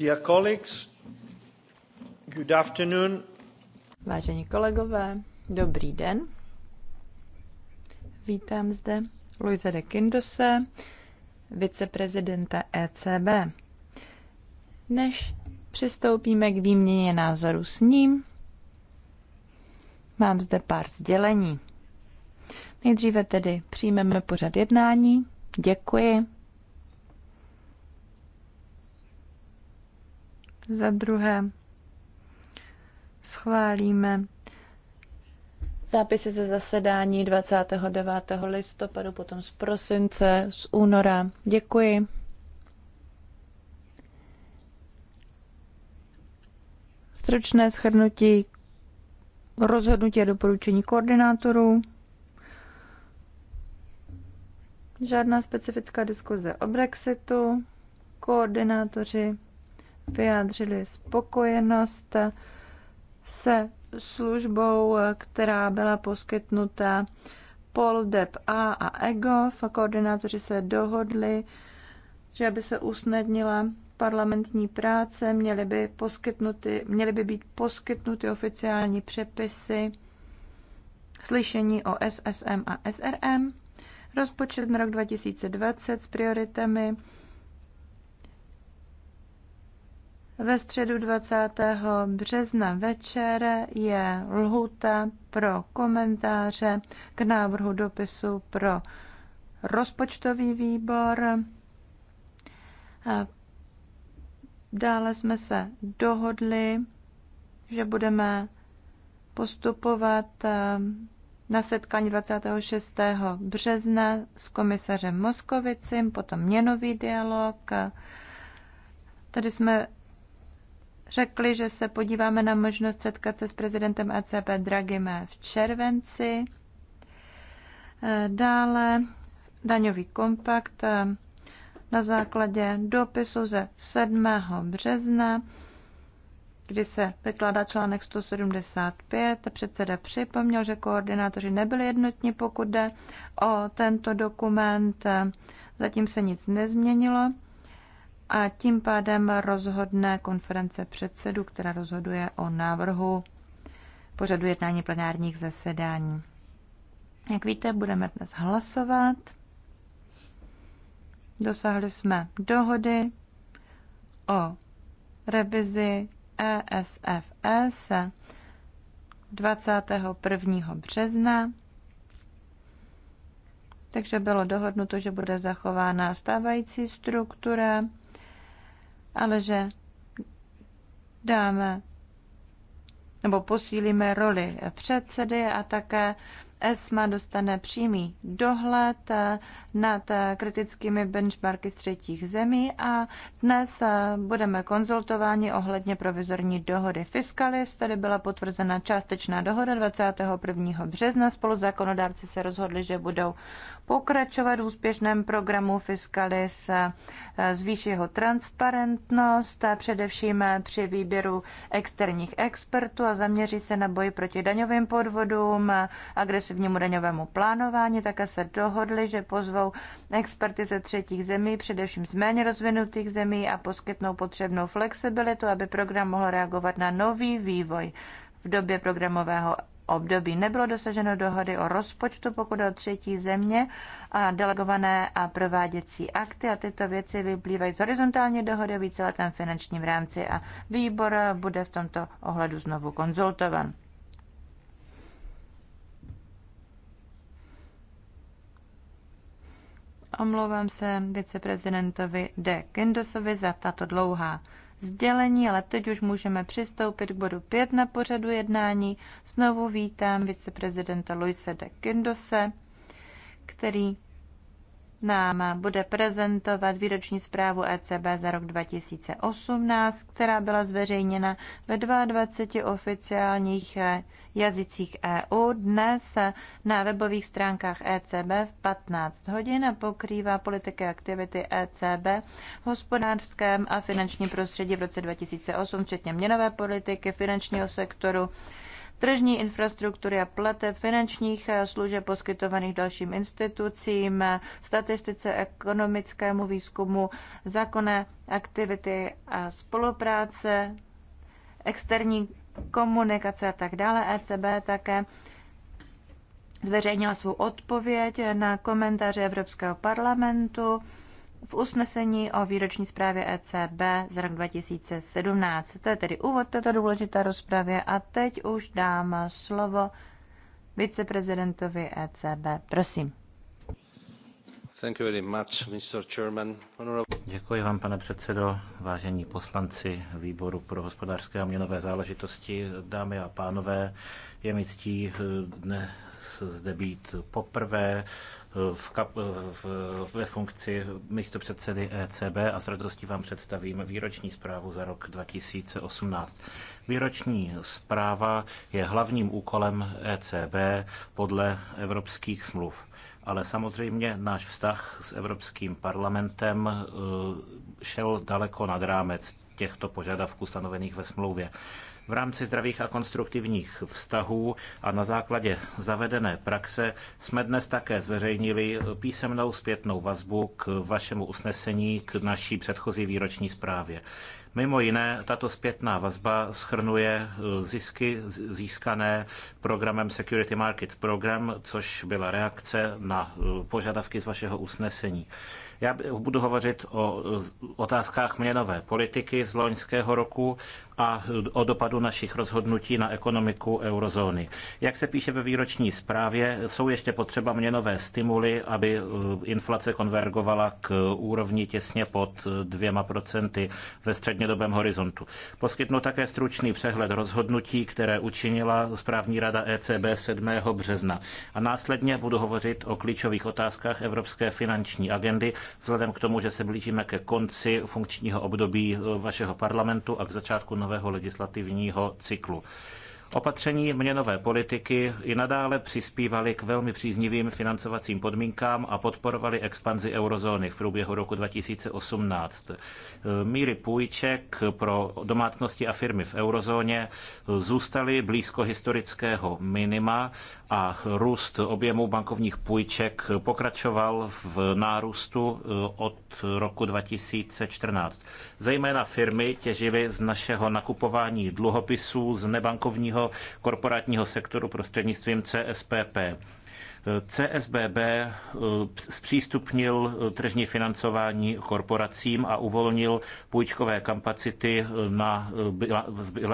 Dear colleagues, good afternoon. Vážení kolegové, dobrý den. Vítám zde Luise de Kindose, viceprezidenta ECB. Než přistoupíme k výměně názoru s ním, mám zde pár sdělení. Nejdříve tedy přijmeme pořad jednání. Děkuji Za druhé schválíme zápisy ze zasedání 29. listopadu, potom z prosince, z února. Děkuji. Stručné shrnutí rozhodnutí a doporučení koordinátorů. Žádná specifická diskuze o Brexitu. Koordinátoři vyjádřili spokojenost se službou, která byla poskytnuta Poldep A a Ego. Koordinátoři se dohodli, že aby se usnadnila parlamentní práce, měly by, poskytnuty, měly by být poskytnuty oficiální přepisy slyšení o SSM a SRM, rozpočet na rok 2020 s prioritami Ve středu 20. března večer je lhuta pro komentáře k návrhu dopisu pro rozpočtový výbor. Dále jsme se dohodli, že budeme postupovat eh, na setkání 26. března s komisařem Moskovicem, potom měnový dialog. Tady jsme řekli, že se podíváme na možnost setkat se s prezidentem ECB Dragim v červenci. E, dále daňový kompakt e, na základě dopisu ze 7. března, kdy se vykládá článek 175. Předseda připomněl, že koordinátoři nebyli jednotní, pokud jde o tento dokument. E, zatím se nic nezměnilo a tím pádem rozhodne konference předsedu, která rozhoduje o návrhu pořadu jednání plenárních zasedání. Jak víte, budeme dnes hlasovat. Dosáhli jsme dohody o revizi ESFS 21. března. Takže bylo dohodnuto, že bude zachována stávající struktura ale že dáme nebo posílíme roli předsedy a také ESMA dostane přímý dohled nad kritickými benchmarky z třetích zemí a dnes budeme konzultováni ohledně provizorní dohody Fiscalis. Tady byla potvrzena částečná dohoda 21. března. Spoluzákonodárci se rozhodli, že budou pokračovat v úspěšném programu Fiscalis, eh, zvýší jeho transparentnost, eh, především eh, při výběru externích expertů a zaměří se na boji proti daňovým podvodům, agresivnímu daňovému plánování. Také se dohodli, že pozvou experty ze třetích zemí, především z méně rozvinutých zemí a poskytnou potřebnou flexibilitu, aby program mohl reagovat na nový vývoj v době programového období. Nebylo dosaženo dohody o rozpočtu, pokud o třetí země a delegované a prováděcí akty a tyto věci vyplývají z horizontální dohody o víceletém finančním rámci a výbor bude v tomto ohledu znovu konzultovan. Omlouvám se viceprezidentovi De Kindosovi za tato dlouhá sdělení, ale teď už můžeme přistoupit k bodu 5 na pořadu jednání. Znovu vítám viceprezidenta Luise de Kindose, který nám bude prezentovat výroční zprávu ECB za rok 2018, která byla zveřejněna ve 22 oficiálních eh, jazycích EU, dnes eh, na webových stránkách ECB v 15 hodin a pokrývá politiky aktivity ECB v hospodářském a finančním prostředí v roce 2008, včetně měnové politiky, finančního sektoru, tržní infrastruktury a plateb finančních eh, služeb poskytovaných dalším institucím, statistice ekonomickému výzkumu, zákonné aktivity a spolupráce, externí komunikace a tak dále. ECB také zveřejnila svou odpověď na komentáře Evropského parlamentu v usnesení o výroční zprávě ECB za rok 2017. To je tedy úvod této důležité rozpravě a teď už dám slovo viceprezidentovi ECB. Prosím. Thank you very much, Mr. Chairman. Děkuji vám, pane předsedo, vážení poslanci Výboru pro hospodářské a měnové záležitosti, dámy a pánové. Je mi ctí eh, dnes zde být poprvé v, kap, v, ve funkci místopředsedy ECB a s radostí vám představím výroční zprávu za rok 2018. Výroční zpráva je hlavním úkolem ECB podle evropských smluv ale samozřejmě náš vztah s Evropským parlamentem eh, šel daleko nad rámec těchto požadavků stanovených ve smlouvě v rámci zdravých a konstruktivních vztahů a na základě zavedené praxe jsme dnes také zveřejnili písemnou zpětnou vazbu k vašemu usnesení k naší předchozí výroční zprávě. Mimo jiné, tato zpětná vazba schrnuje eh, zisky získané programem Security Markets Program, což byla reakce na eh, požadavky z vašeho usnesení. Já budu hovořit o eh, otázkách měnové politiky z loňského roku a o dopadu našich rozhodnutí na ekonomiku eurozóny. Jak se píše ve výroční zprávě, jsou ještě potřeba měnové stimuly, aby e, inflace konvergovala k úrovni těsně pod dvěma procenty ve střednědobém horizontu. Poskytnu také stručný přehled rozhodnutí, které učinila správní rada ECB 7. března. A následně budu hovořit o klíčových otázkách evropské finanční agendy, vzhledem k tomu, že se blížíme ke konci funkčního období e, vašeho parlamentu a k začátku nového nového legislativního cyklu. Opatření měnové politiky i nadále přispívaly k velmi příznivým financovacím podmínkám a podporovaly expanzi eurozóny v průběhu roku 2018. Míry půjček pro domácnosti a firmy v eurozóně zůstaly blízko historického minima a růst objemu bankovních půjček pokračoval v nárůstu od roku 2014. Zejména firmy těžily z našeho nakupování dluhopisů z nebankovního celého korporátního sektoru prostřednictvím CSPP. CSBB eh, zpřístupnil eh, tržní financování korporacím a uvolnil půjčkové kapacity eh, na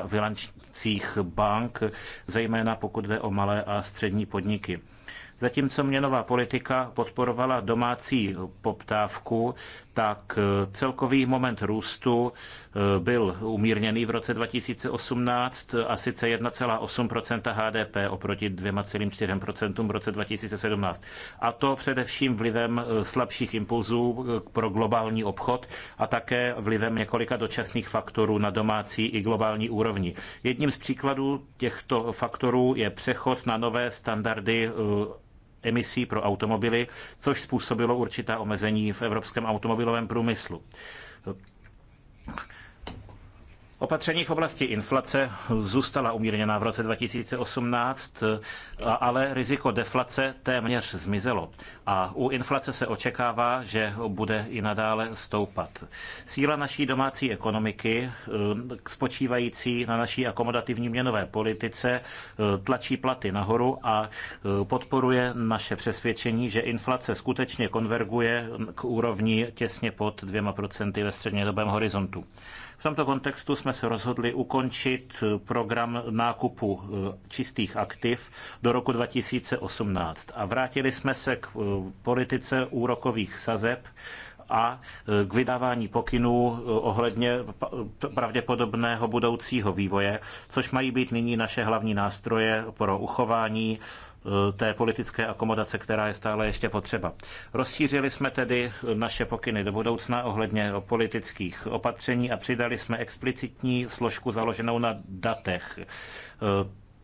bilancích bank, zejména pokud jde o malé a střední podniky. Zatímco měnová politika podporovala domácí poptávku, tak eh, celkový moment růstu eh, byl umírněný v roce 2018 a sice 1,8 HDP oproti 2,4 v roce 2017. A to především vlivem eh, slabších impulzů pro globální obchod a také vlivem několika dočasných faktorů na domácí i globální úrovni. Jedním z příkladů těchto faktorů je přechod na nové standardy emisí pro automobily, což způsobilo určitá omezení v evropském automobilovém průmyslu. Opatření v oblasti inflace zůstala umírněná v roce 2018, ale riziko deflace téměř zmizelo. A u inflace se očekává, že bude i nadále stoupat. Síla naší domácí ekonomiky, eh, spočívající na naší akomodativní měnové politice, eh, tlačí platy nahoru a eh, podporuje naše přesvědčení, že inflace skutečně konverguje mm, k úrovni těsně pod dvěma procenty ve střednědobém horizontu tomto kontextu jsme se rozhodli ukončit program nákupu e, čistých aktiv do roku 2018 a vrátili jsme se k e, politice úrokových sazeb, a e, k vydávání pokynů ohledně pravděpodobného budoucího vývoje, což mají být nyní naše hlavní nástroje pro uchování té politické akomodace, která je stále ještě potřeba. Rozšířili jsme tedy naše pokyny do budoucna ohledně politických opatření a přidali jsme explicitní složku založenou na datech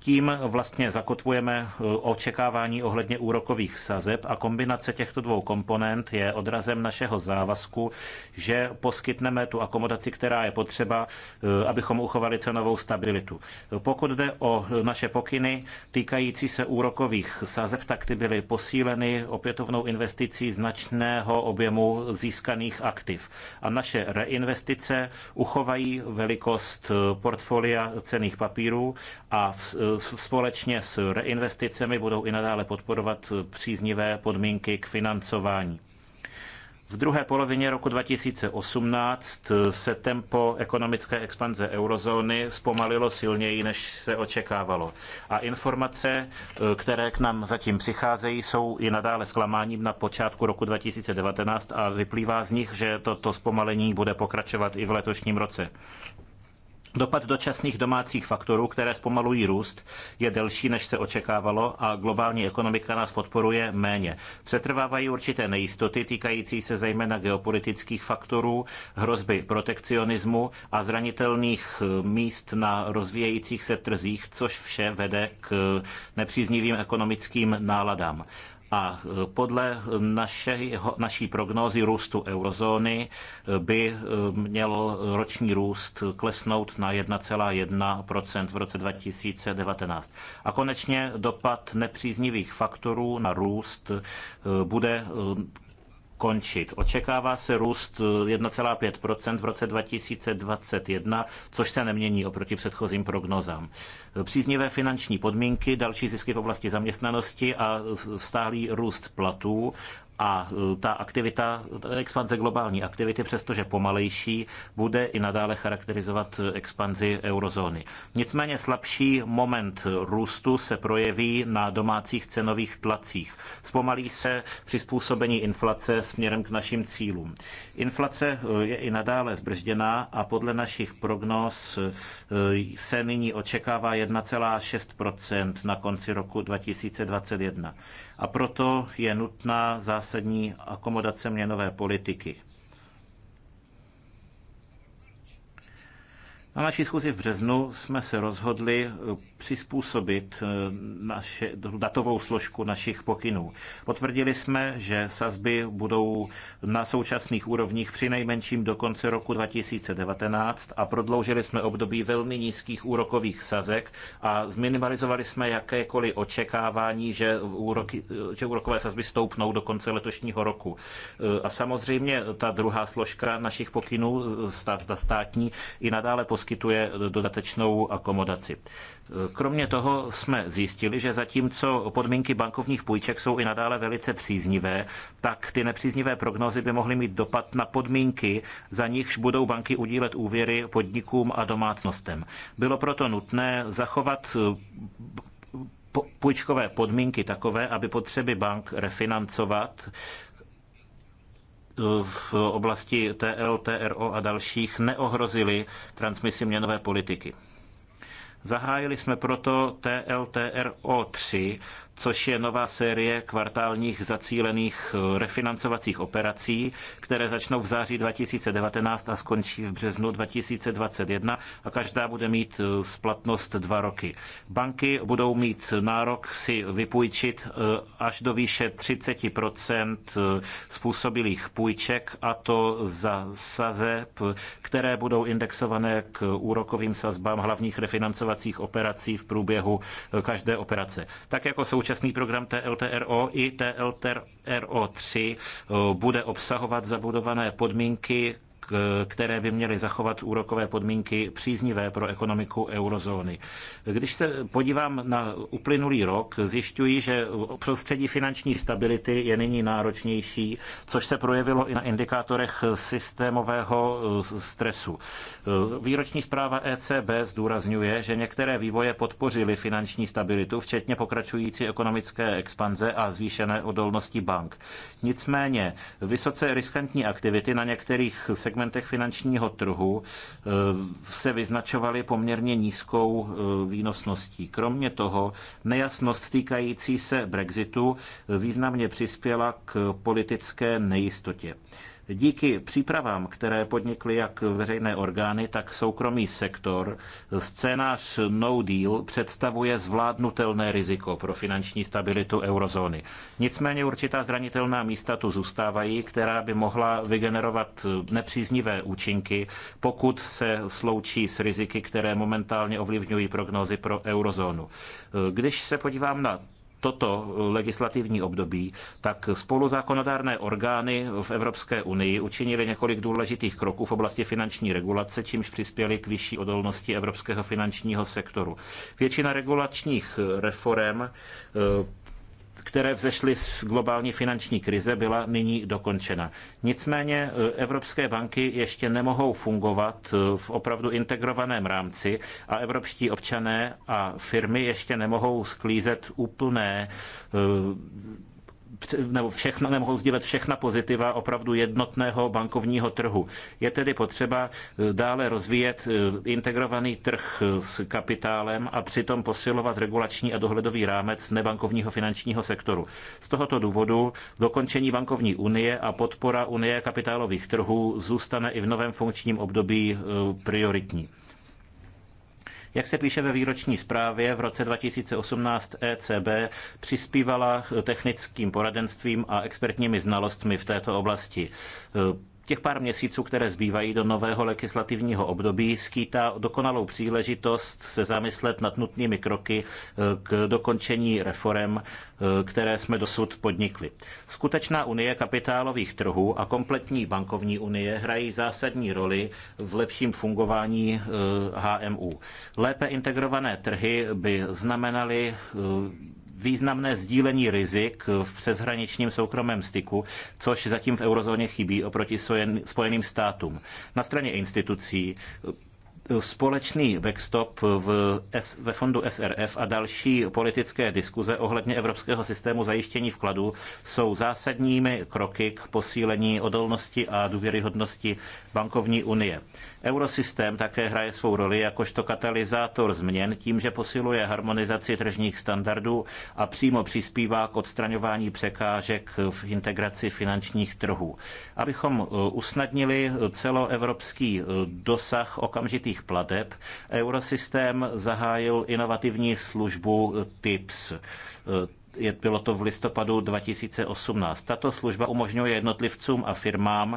tím vlastně zakotvujeme eh, očekávání ohledně úrokových sazeb a kombinace těchto dvou komponent je odrazem našeho závazku, že poskytneme tu akomodaci, která je potřeba, eh, abychom uchovali cenovou stabilitu. Pokud jde o naše pokyny týkající se úrokových sazeb, tak ty byly posíleny opětovnou investicí značného objemu získaných aktiv. A naše reinvestice uchovají velikost eh, portfolia cených papírů a v společně s reinvesticemi budou i nadále podporovat příznivé podmínky k financování. V druhé polovině roku 2018 se tempo ekonomické expanze eurozóny zpomalilo silněji, než se očekávalo. A informace, které k nám zatím přicházejí, jsou i nadále zklamáním na počátku roku 2019 a vyplývá z nich, že toto zpomalení bude pokračovat i v letošním roce. Dopad dočasných domácích faktorů, které zpomalují růst, je delší, než se očekávalo a globální ekonomika nás podporuje méně. Přetrvávají určité nejistoty týkající se zejména geopolitických faktorů, hrozby protekcionismu a zranitelných eh, míst na rozvíjejících se trzích, což vše vede k nepříznivým ekonomickým náladám. A e, podle naší, naší prognózy růstu eurozóny e, by e, měl roční růst klesnout na 1,1 v roce 2019. A konečně dopad nepříznivých faktorů na růst bude končit. Očekává se růst 1,5 v roce 2021, což se nemění oproti předchozím prognozám. Příznivé finanční podmínky, další zisky v oblasti zaměstnanosti a stálý růst platů a e, ta aktivita, expanze globální aktivity, přestože pomalejší, bude i nadále charakterizovat e, expanzi eurozóny. Nicméně slabší moment růstu se projeví na domácích cenových tlacích. Zpomalí se přizpůsobení inflace směrem k našim cílům. Inflace e, je i nadále zbržděná a podle našich prognóz se nyní očekává 1,6 na konci roku 2021. A proto je nutná zásadní akomodace měnové politiky. Na naší schůzi v březnu jsme se rozhodli přizpůsobit eh, naše, datovou složku našich pokynů. Potvrdili jsme, že sazby budou na současných úrovních při nejmenším do konce roku 2019 a prodloužili jsme období velmi nízkých úrokových sazek a zminimalizovali jsme jakékoliv očekávání, že, úroky, že úrokové sazby stoupnou do konce letošního roku. Eh, a samozřejmě ta druhá složka našich pokynů, eh, ta státní, i nadále poskytuje dodatečnou akomodaci. Kromě toho jsme zjistili, že zatímco podmínky bankovních půjček jsou i nadále velice příznivé, tak ty nepříznivé prognózy by mohly mít dopad na podmínky, za nichž budou banky udílet úvěry podnikům a domácnostem. Bylo proto nutné zachovat eh, půjčkové podmínky takové, aby potřeby bank refinancovat eh, v oblasti TLTRO a dalších neohrozily transmisi měnové politiky. Zahájili jsme proto TLTRO3 což je nová série kvartálních zacílených eh, refinancovacích operací, které začnou v září 2019 a skončí v březnu 2021 a každá bude mít eh, splatnost dva roky. Banky budou mít nárok si vypůjčit eh, až do výše 30 způsobilých půjček a to za sazeb, které budou indexované k úrokovým sazbám hlavních refinancovacích operací v průběhu každé operace. Tak jako jsou současný program TLTRO i TLTRO 3 eh, bude obsahovat zabudované podmínky které by měly zachovat úrokové podmínky příznivé pro ekonomiku eurozóny. Když se podívám na uplynulý rok, zjišťuji, že prostředí finanční stability je nyní náročnější, což se projevilo i na indikátorech systémového eh, stresu. Eh, výroční zpráva ECB zdůrazňuje, že některé vývoje podpořily finanční stabilitu, včetně pokračující ekonomické expanze a zvýšené odolnosti bank. Nicméně vysoce riskantní aktivity na některých sektorech segmentech finančního trhu eh, se vyznačovaly poměrně nízkou eh, výnosností. Kromě toho nejasnost týkající se Brexitu eh, významně přispěla k politické nejistotě. Díky přípravám, které podnikly jak veřejné orgány, tak soukromý sektor, scénář no deal představuje zvládnutelné riziko pro finanční stabilitu eurozóny. Nicméně určitá zranitelná místa tu zůstávají, která by mohla vygenerovat nepříznivé účinky, pokud se sloučí s riziky, které momentálně ovlivňují prognózy pro eurozónu. Když se podívám na toto legislativní období, tak spoluzákonodárné orgány v Evropské unii učinili několik důležitých kroků v oblasti finanční regulace, čímž přispěli k vyšší odolnosti evropského finančního sektoru. Většina regulačních reform eh, které vzešly z globální finanční krize, byla nyní dokončena. Nicméně e, evropské banky ještě nemohou fungovat e, v opravdu integrovaném rámci a evropští občané a firmy ještě nemohou sklízet úplné e, nebo, všechna, nemohou sdílet všechna pozitiva opravdu jednotného bankovního trhu. Je tedy potřeba eh, dále rozvíjet eh, integrovaný trh eh, s kapitálem a přitom posilovat regulační a dohledový rámec nebankovního finančního sektoru. Z tohoto důvodu dokončení bankovní unie a podpora unie kapitálových trhů zůstane i v novém funkčním období prioritní. Jak se píše ve výroční zprávě, v roce 2018 ECB přispívala technickým poradenstvím a expertními znalostmi v této oblasti těch pár měsíců, které zbývají do nového legislativního období, skýtá dokonalou příležitost se zamyslet nad nutnými kroky eh, k dokončení reform, eh, které jsme dosud podnikli. Skutečná unie kapitálových trhů a kompletní bankovní unie hrají zásadní roli v lepším fungování HMU. Eh, Lépe integrované trhy by znamenaly významné sdílení rizik v přeshraničním soukromém styku, což zatím v eurozóně chybí oproti Spojeným státům. Na straně institucí eh, společný backstop v, ve fondu SRF a další politické diskuze ohledně evropského systému zajištění vkladů jsou zásadními kroky k posílení odolnosti a důvěryhodnosti bankovní unie. Eurosystém také hraje svou roli jakožto katalyzátor změn tím, že posiluje harmonizaci tržních standardů a přímo přispívá k odstraňování překážek v integraci finančních trhů. Abychom eh, usnadnili celoevropský eh, dosah okamžitých plateb, Eurosystém zahájil inovativní službu eh, TIPS bylo to v listopadu 2018. Tato služba umožňuje jednotlivcům a firmám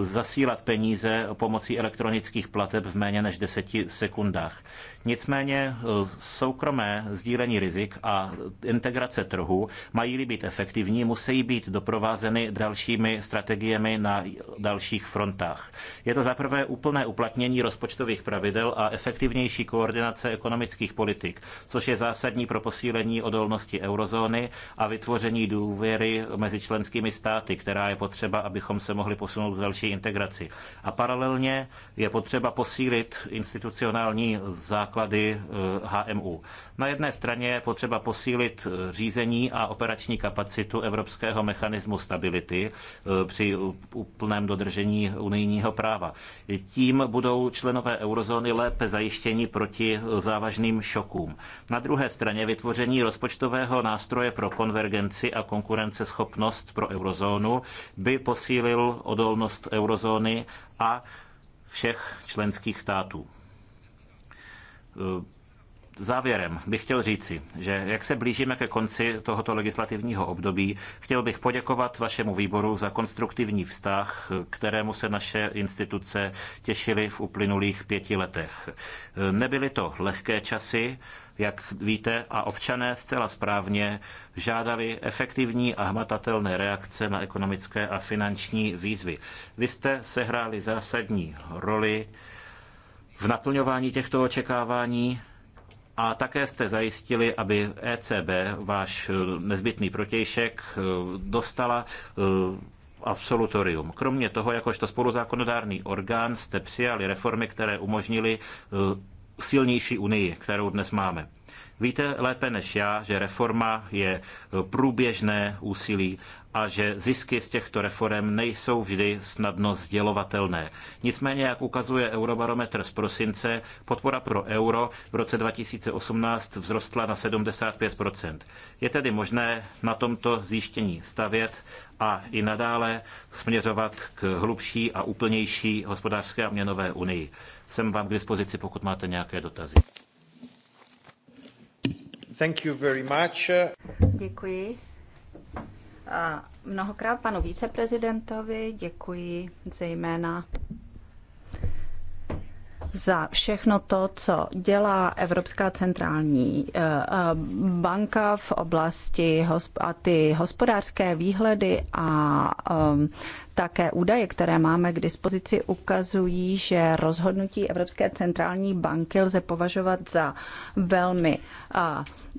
e, zasílat peníze pomocí elektronických plateb v méně než 10 sekundách. Nicméně e, soukromé sdílení rizik a integrace trhu mají-li být efektivní, musí být doprovázeny dalšími strategiemi na dalších frontách. Je to zaprvé úplné uplatnění rozpočtových pravidel a efektivnější koordinace ekonomických politik, což je zásadní pro posílení odolnosti eurozóny eurozóny a vytvoření důvěry mezi členskými státy, která je potřeba, abychom se mohli posunout k další integraci. A paralelně je potřeba posílit institucionální základy HMU. Eh, Na jedné straně je potřeba posílit eh, řízení a operační kapacitu Evropského mechanismu stability eh, při úplném dodržení unijního práva. Tím budou členové eurozóny lépe zajištěni proti závažným šokům. Na druhé straně vytvoření rozpočtového nástroje nástroje pro konvergenci a konkurenceschopnost pro eurozónu by posílil odolnost eurozóny a všech členských států Závěrem bych chtěl říci, že jak se blížíme ke konci tohoto legislativního období, chtěl bych poděkovat vašemu výboru za konstruktivní vztah, kterému se naše instituce těšily v uplynulých pěti letech. Nebyly to lehké časy, jak víte, a občané zcela správně žádali efektivní a hmatatelné reakce na ekonomické a finanční výzvy. Vy jste sehráli zásadní roli v naplňování těchto očekávání a také jste zajistili, aby ECB, váš eh, nezbytný protějšek, eh, dostala eh, absolutorium. Kromě toho, jakožto spoluzákonodárný orgán, jste přijali reformy, které umožnily silnější unii, kterou dnes máme. Víte lépe než já, že reforma je eh, průběžné úsilí a že zisky z těchto reform nejsou vždy snadno sdělovatelné. Nicméně, jak ukazuje Eurobarometr z prosince, podpora pro euro v roce 2018 vzrostla na 75 Je tedy možné na tomto zjištění stavět a i nadále směřovat k hlubší a úplnější hospodářské a měnové unii. Jsem vám k dispozici, pokud máte nějaké dotazy. Thank you very much. Děkuji. A mnohokrát panu viceprezidentovi děkuji zejména za všechno to, co dělá Evropská centrální eh, eh, banka v oblasti a ty hospodářské výhledy a eh, také údaje, které máme k dispozici, ukazují, že rozhodnutí Evropské centrální banky lze považovat za velmi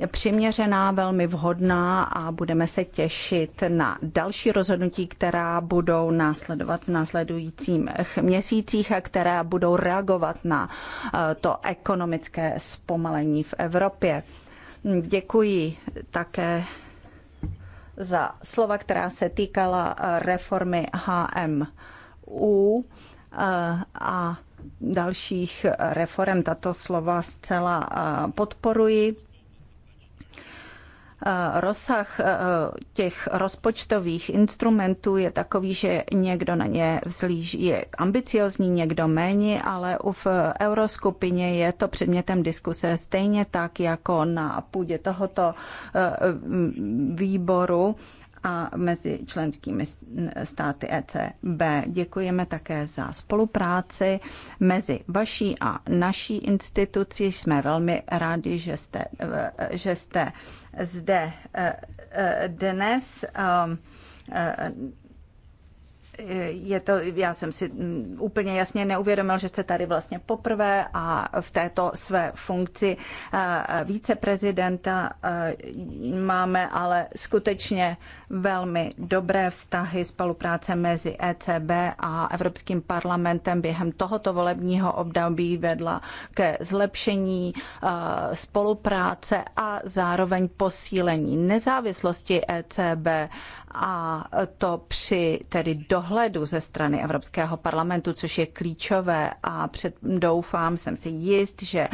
přiměřená, velmi vhodná a budeme se těšit na další rozhodnutí, která budou následovat v následujících měsících a která budou reagovat na to ekonomické zpomalení v Evropě. Děkuji také za slova, která se týkala eh, reformy HMU eh, a dalších eh, reform. Tato slova zcela podporuji Eh, rozsah eh, těch rozpočtových instrumentů je takový, že někdo na ně vzlíží, je ambiciozní, někdo méně, ale v euroskupině je to předmětem diskuse stejně tak jako na půdě tohoto eh, výboru a mezi členskými státy ECB. Děkujeme také za spolupráci mezi vaší a naší institucí. Jsme velmi rádi, že jste, že jste zde eh, eh, dnes eh, je to, já jsem si mm, úplně jasně neuvědomil, že jste tady vlastně poprvé a v této své funkci eh, viceprezidenta eh, máme ale skutečně velmi dobré vztahy, spolupráce mezi ECB a Evropským parlamentem během tohoto volebního období vedla ke zlepšení eh, spolupráce a zároveň posílení nezávislosti ECB a to při tedy dohledu ze strany Evropského parlamentu, což je klíčové a před, doufám, jsem si jist, že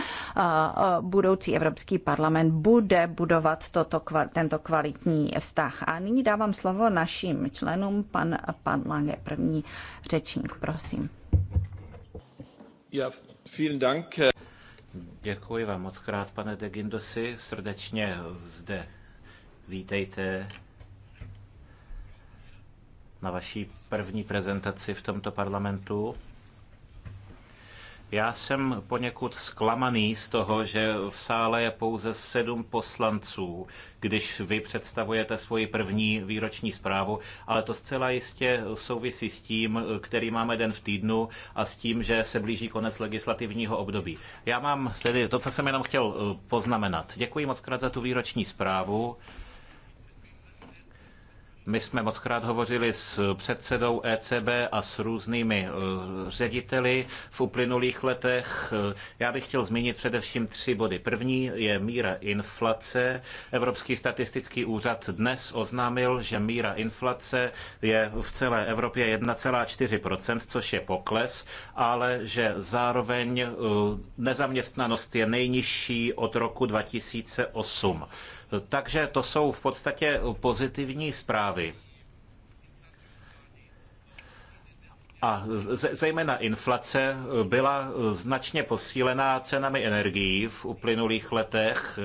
budoucí Evropský parlament bude budovat toto, tento kvalitní vztah. A nyní dávám slovo našim členům, pan, pan Lange, první řečník, prosím. Ja, vielen Dank. Děkuji vám moc krát, pane Degindosi, srdečně zde vítejte na vaší první prezentaci v tomto parlamentu. Já jsem poněkud zklamaný z toho, že v sále je pouze sedm poslanců, když vy představujete svoji první výroční zprávu, ale to zcela jistě souvisí s tím, který máme den v týdnu a s tím, že se blíží konec legislativního období. Já mám tedy to, co jsem jenom chtěl eh, poznamenat. Děkuji moc krát za tu výroční zprávu. My jsme moc krát hovořili s předsedou ECB a s různými eh, řediteli v uplynulých letech. Eh, já bych chtěl zmínit především tři body. První je míra inflace. Evropský statistický úřad dnes oznámil, že míra inflace je v celé Evropě 1,4%, což je pokles, ale že zároveň eh, nezaměstnanost je nejnižší od roku 2008. Takže to jsou v podstatě pozitivní zprávy. a zejména inflace byla značně posílená cenami energií v uplynulých letech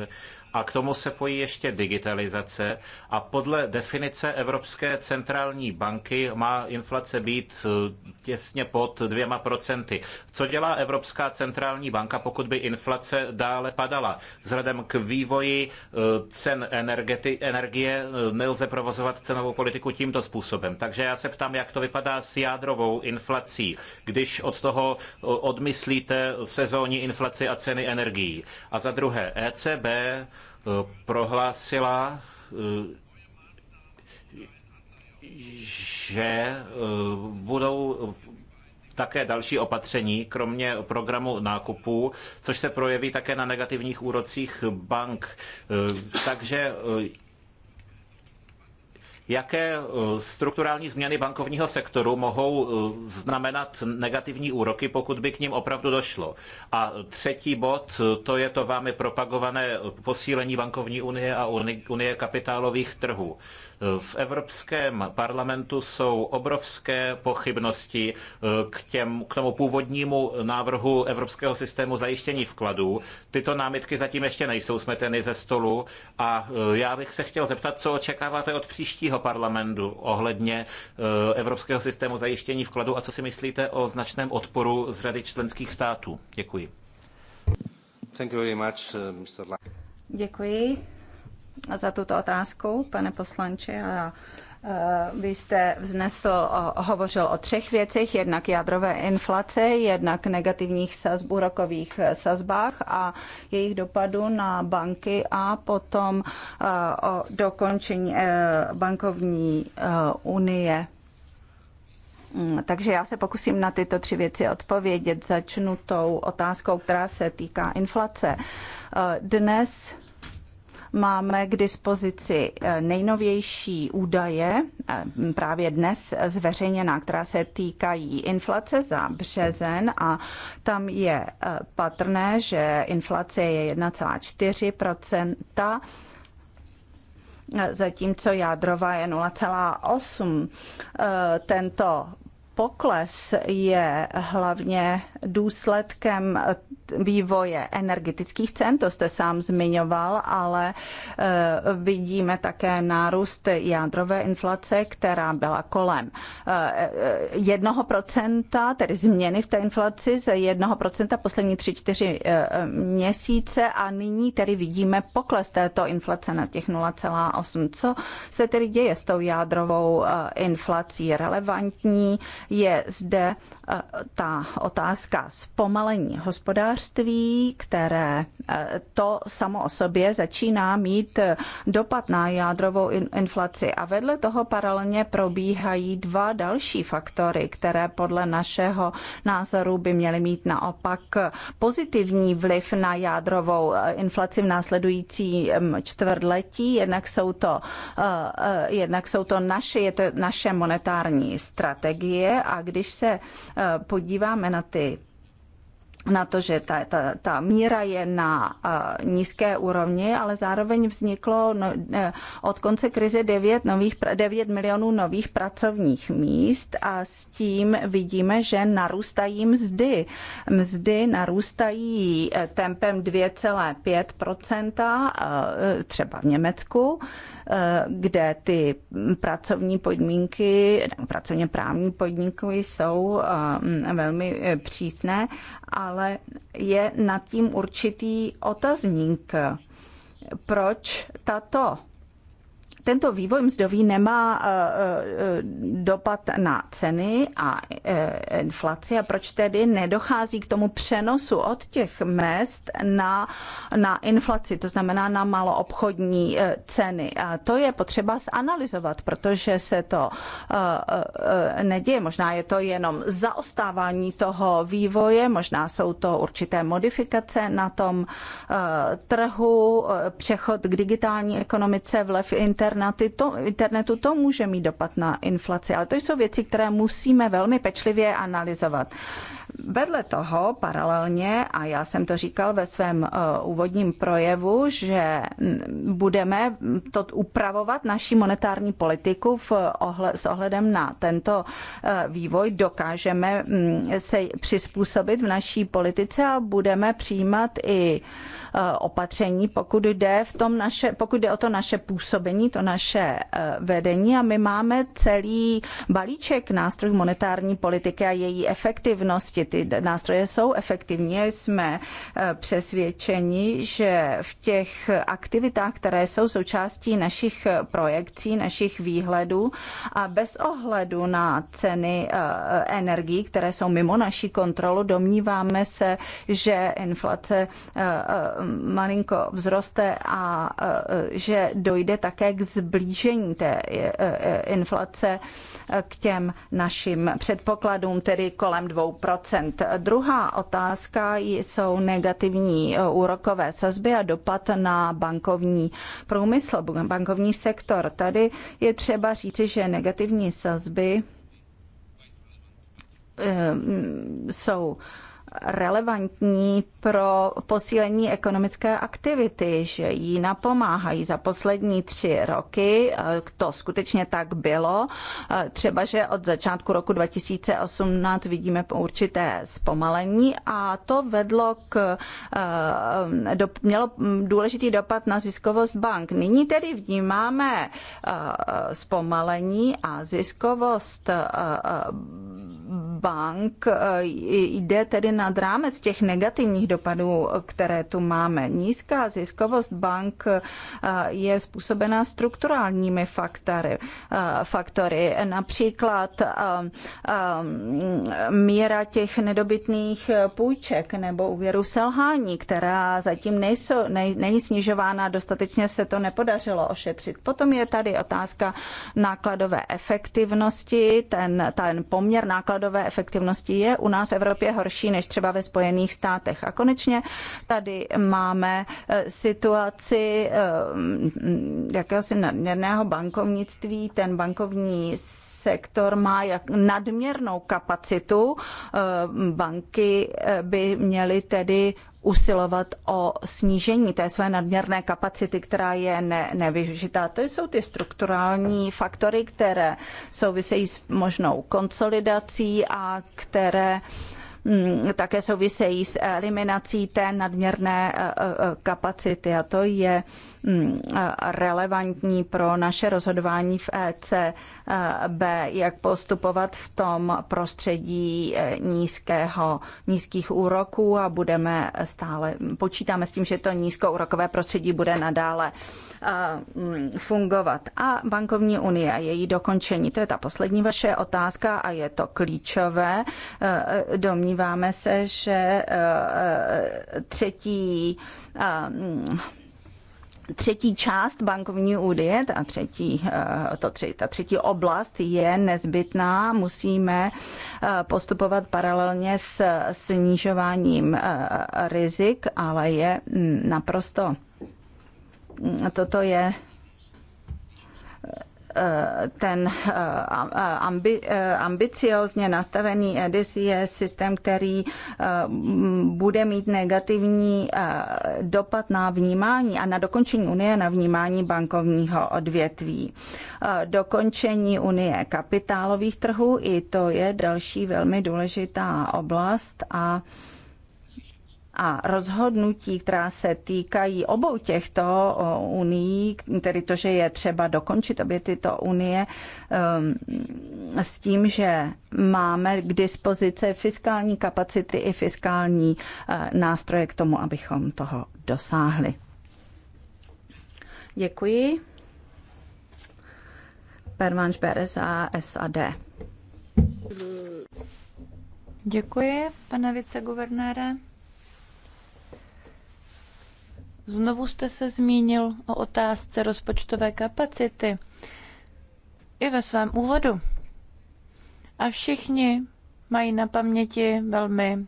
a k tomu se pojí ještě digitalizace a podle definice Evropské centrální banky má inflace být eh, těsně pod dvěma procenty. Co dělá Evropská centrální banka, pokud by inflace dále padala? Vzhledem k vývoji eh, cen energeti- energie eh, nelze provozovat cenovou politiku tímto způsobem. Takže já se ptám, jak to vypadá s jádrovou inflací, když od toho odmyslíte sezónní inflaci a ceny energií. A za druhé, ECB prohlásila, že e, budou také další opatření, kromě programu nákupů, což se projeví také na negativních úrocích bank. E, takže e, Jaké eh, strukturální změny bankovního sektoru mohou eh, znamenat negativní úroky, pokud by k nim opravdu došlo? A třetí bod, eh, to je to vámi propagované posílení bankovní unie a unie kapitálových trhů. V Evropském parlamentu jsou obrovské pochybnosti eh, k, těm, k tomu původnímu návrhu Evropského systému zajištění vkladů. Tyto námitky zatím ještě nejsou smeteny ze stolu a eh, já bych se chtěl zeptat, co očekáváte od příštího parlamentu ohledně eh, Evropského systému zajištění vkladů a co si myslíte o značném odporu z řady členských států. Děkuji. Thank you very much, Mr. Děkuji, za tuto otázku, pane poslanče. A e, vy jste vznesl, hovořil o třech věcech, jednak jádrové inflace, jednak negativních sazb, úrokových e, sazbách a jejich dopadu na banky a potom e, o dokončení bankovní unie. Mm, takže já se pokusím na tyto tři věci odpovědět. Začnu tou otázkou, která se týká inflace. Dnes máme k dispozici eh, nejnovější údaje, eh, právě dnes zveřejněná, která se týkají inflace za březen a tam je eh, patrné, že inflace je 1,4 zatímco jádrová je 0,8. Tento pokles je hlavně důsledkem vývoje energetických cen, to jste sám zmiňoval, ale eh, vidíme také nárůst jádrové inflace, která byla kolem 1%, eh, tedy změny v té inflaci z 1% poslední 3-4 eh, měsíce a nyní tedy vidíme pokles této inflace na těch 0,8. Co se tedy děje s tou jádrovou inflací? Relevantní je zde ta otázka, Otázka zpomalení hospodářství, které eh, to samo o sobě začíná mít eh, dopad na jádrovou inflaci. A vedle toho paralelně probíhají dva další faktory, které podle našeho názoru by měly mít naopak eh, pozitivní vliv na jádrovou inflaci v následujícím čtvrtletí. Jednak jsou to, jednak jsou to naše, je to naše monetární strategie a když se podíváme na ty na to, že ta, ta, ta míra je na uh, nízké úrovni, ale zároveň vzniklo no, eh, od konce krize 9, nových, 9 milionů nových pracovních míst a s tím vidíme, že narůstají mzdy. Mzdy narůstají eh, tempem 2,5%, uh, třeba v Německu. Uh, Eh, kde ty pracovní podmínky, pracovně právní podmínky jsou eh, velmi eh, přísné, ale je nad tím určitý otazník, proč tato tento vývoj mzdový nemá eh, eh, dopad na ceny a eh, inflaci a proč tedy nedochází k tomu přenosu od těch mest na, na inflaci, to znamená na maloobchodní ceny. A to je potřeba zanalizovat, protože se to neděje. Možná je to jenom zaostávání toho vývoje, možná jsou to určité modifikace na tom trhu, přechod k digitální ekonomice, vlev internetu, to, internetu, to může mít dopad na inflaci. Ale to jsou věci, které musíme velmi pečlivě analyzovat. Vedle toho paralelně, a já jsem to říkal ve svém uh, úvodním projevu, že budeme to upravovat naši monetární politiku v ohle, s ohledem na tento uh, vývoj, dokážeme um, se přizpůsobit v naší politice a budeme přijímat i uh, Eh, opatření, pokud jde, v tom naše, pokud jde o to naše působení, to naše eh, vedení a my máme celý balíček nástrojů monetární politiky a její efektivnosti. Ty nástroje jsou efektivní, jsme eh, přesvědčeni, že v těch aktivitách, které jsou součástí našich projekcí, našich výhledů a bez ohledu na ceny energií, které jsou mimo naší kontrolu, domníváme se, že inflace malinko vzroste a e, že dojde také k zblížení té e, e, inflace k těm našim předpokladům, tedy kolem 2%. Druhá otázka jsou negativní úrokové sazby a dopad na bankovní průmysl, bankovní sektor. Tady je třeba říci, že negativní sazby jsou relevantní pro posílení ekonomické aktivity, že jí napomáhají za poslední tři roky. Eh, to skutečně tak bylo. Eh, třeba, že od začátku roku 2018 vidíme určité zpomalení a to vedlo k, eh, do, mělo důležitý dopad na ziskovost bank. Nyní tedy vnímáme zpomalení a ziskovost bank eh, jde tedy nad rámec těch negativních dopadů, které tu máme. Nízká ziskovost bank eh, je způsobená strukturálními faktory. Eh, faktory. Například míra těch nedobytných půjček nebo úvěru selhání, která zatím nejsou, nej, není snižována, dostatečně se to nepodařilo ošetřit. Potom je tady otázka nákladové efektivnosti, ten, ten poměr nákladové efektivnosti je u nás v Evropě horší než třeba ve Spojených státech. A konečně tady máme eh, situaci eh, jakéhosi nadměrného bankovnictví. Ten bankovní sektor má jak nadměrnou kapacitu. Eh, banky by měly tedy usilovat o snížení té své nadměrné kapacity, která je ne, nevyužitá. To jsou ty strukturální faktory, které souvisejí s možnou konsolidací a které Mm, také souvisejí s eliminací té nadměrné e, e, e, kapacity a to je mm, relevantní pro naše rozhodování v ECB, jak postupovat v tom prostředí nízkého, nízkých úroků a budeme stále, počítáme s tím, že to nízkoúrokové prostředí bude nadále Mm, fungovat. A bankovní unie a její dokončení, to je ta poslední vaše otázka a je to klíčové. E, e, domníváme se, že e, třetí mm, Třetí část bankovní údie, ta třetí, to tři, ta třetí oblast je nezbytná. Musíme postupovat paralelně s snižováním rizik, ale je mm, naprosto toto je eh, ten eh, ambi, eh, ambiciozně nastavený EDIS je systém, který bude mít negativní dopad na vnímání a na dokončení Unie na vnímání bankovního odvětví. Dokončení Unie kapitálových trhů, i to je další velmi důležitá oblast a a rozhodnutí, která se týkají obou těchto unii, tedy to, že je třeba dokončit obě tyto unie, um, s tím, že máme k dispozici fiskální kapacity i fiskální uh, nástroje k tomu, abychom toho dosáhli. Děkuji. Permanš Beres a SAD. Děkuji, pane viceguvernére. Znovu jste se zmínil o otázce rozpočtové kapacity i ve svém úvodu. A všichni mají na paměti velmi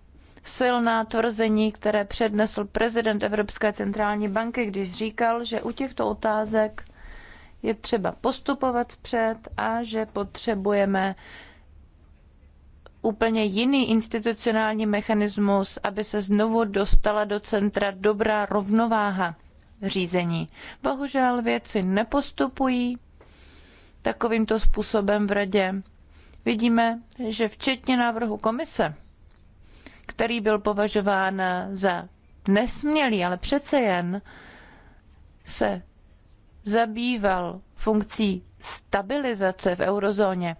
silná tvrzení, které přednesl prezident Evropské centrální banky, když říkal, že u těchto otázek je třeba postupovat před a že potřebujeme úplně jiný institucionální mechanismus, aby se znovu dostala do centra dobrá rovnováha řízení. Bohužel věci nepostupují takovýmto způsobem v radě. Vidíme, že včetně návrhu komise, který byl považován za nesmělý, ale přece jen se zabýval funkcí stabilizace v eurozóně,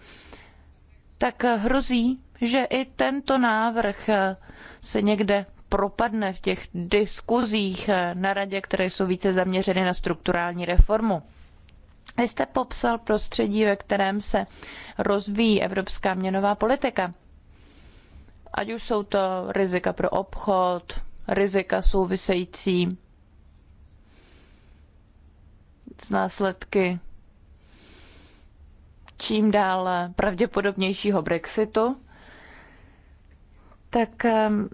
tak hrozí, že i tento návrh se někde propadne v těch diskuzích na radě, které jsou více zaměřeny na strukturální reformu. Vy jste popsal prostředí, ve kterém se rozvíjí evropská měnová politika. Ať už jsou to rizika pro obchod, rizika související s následky čím dál pravděpodobnějšího Brexitu tak ehm,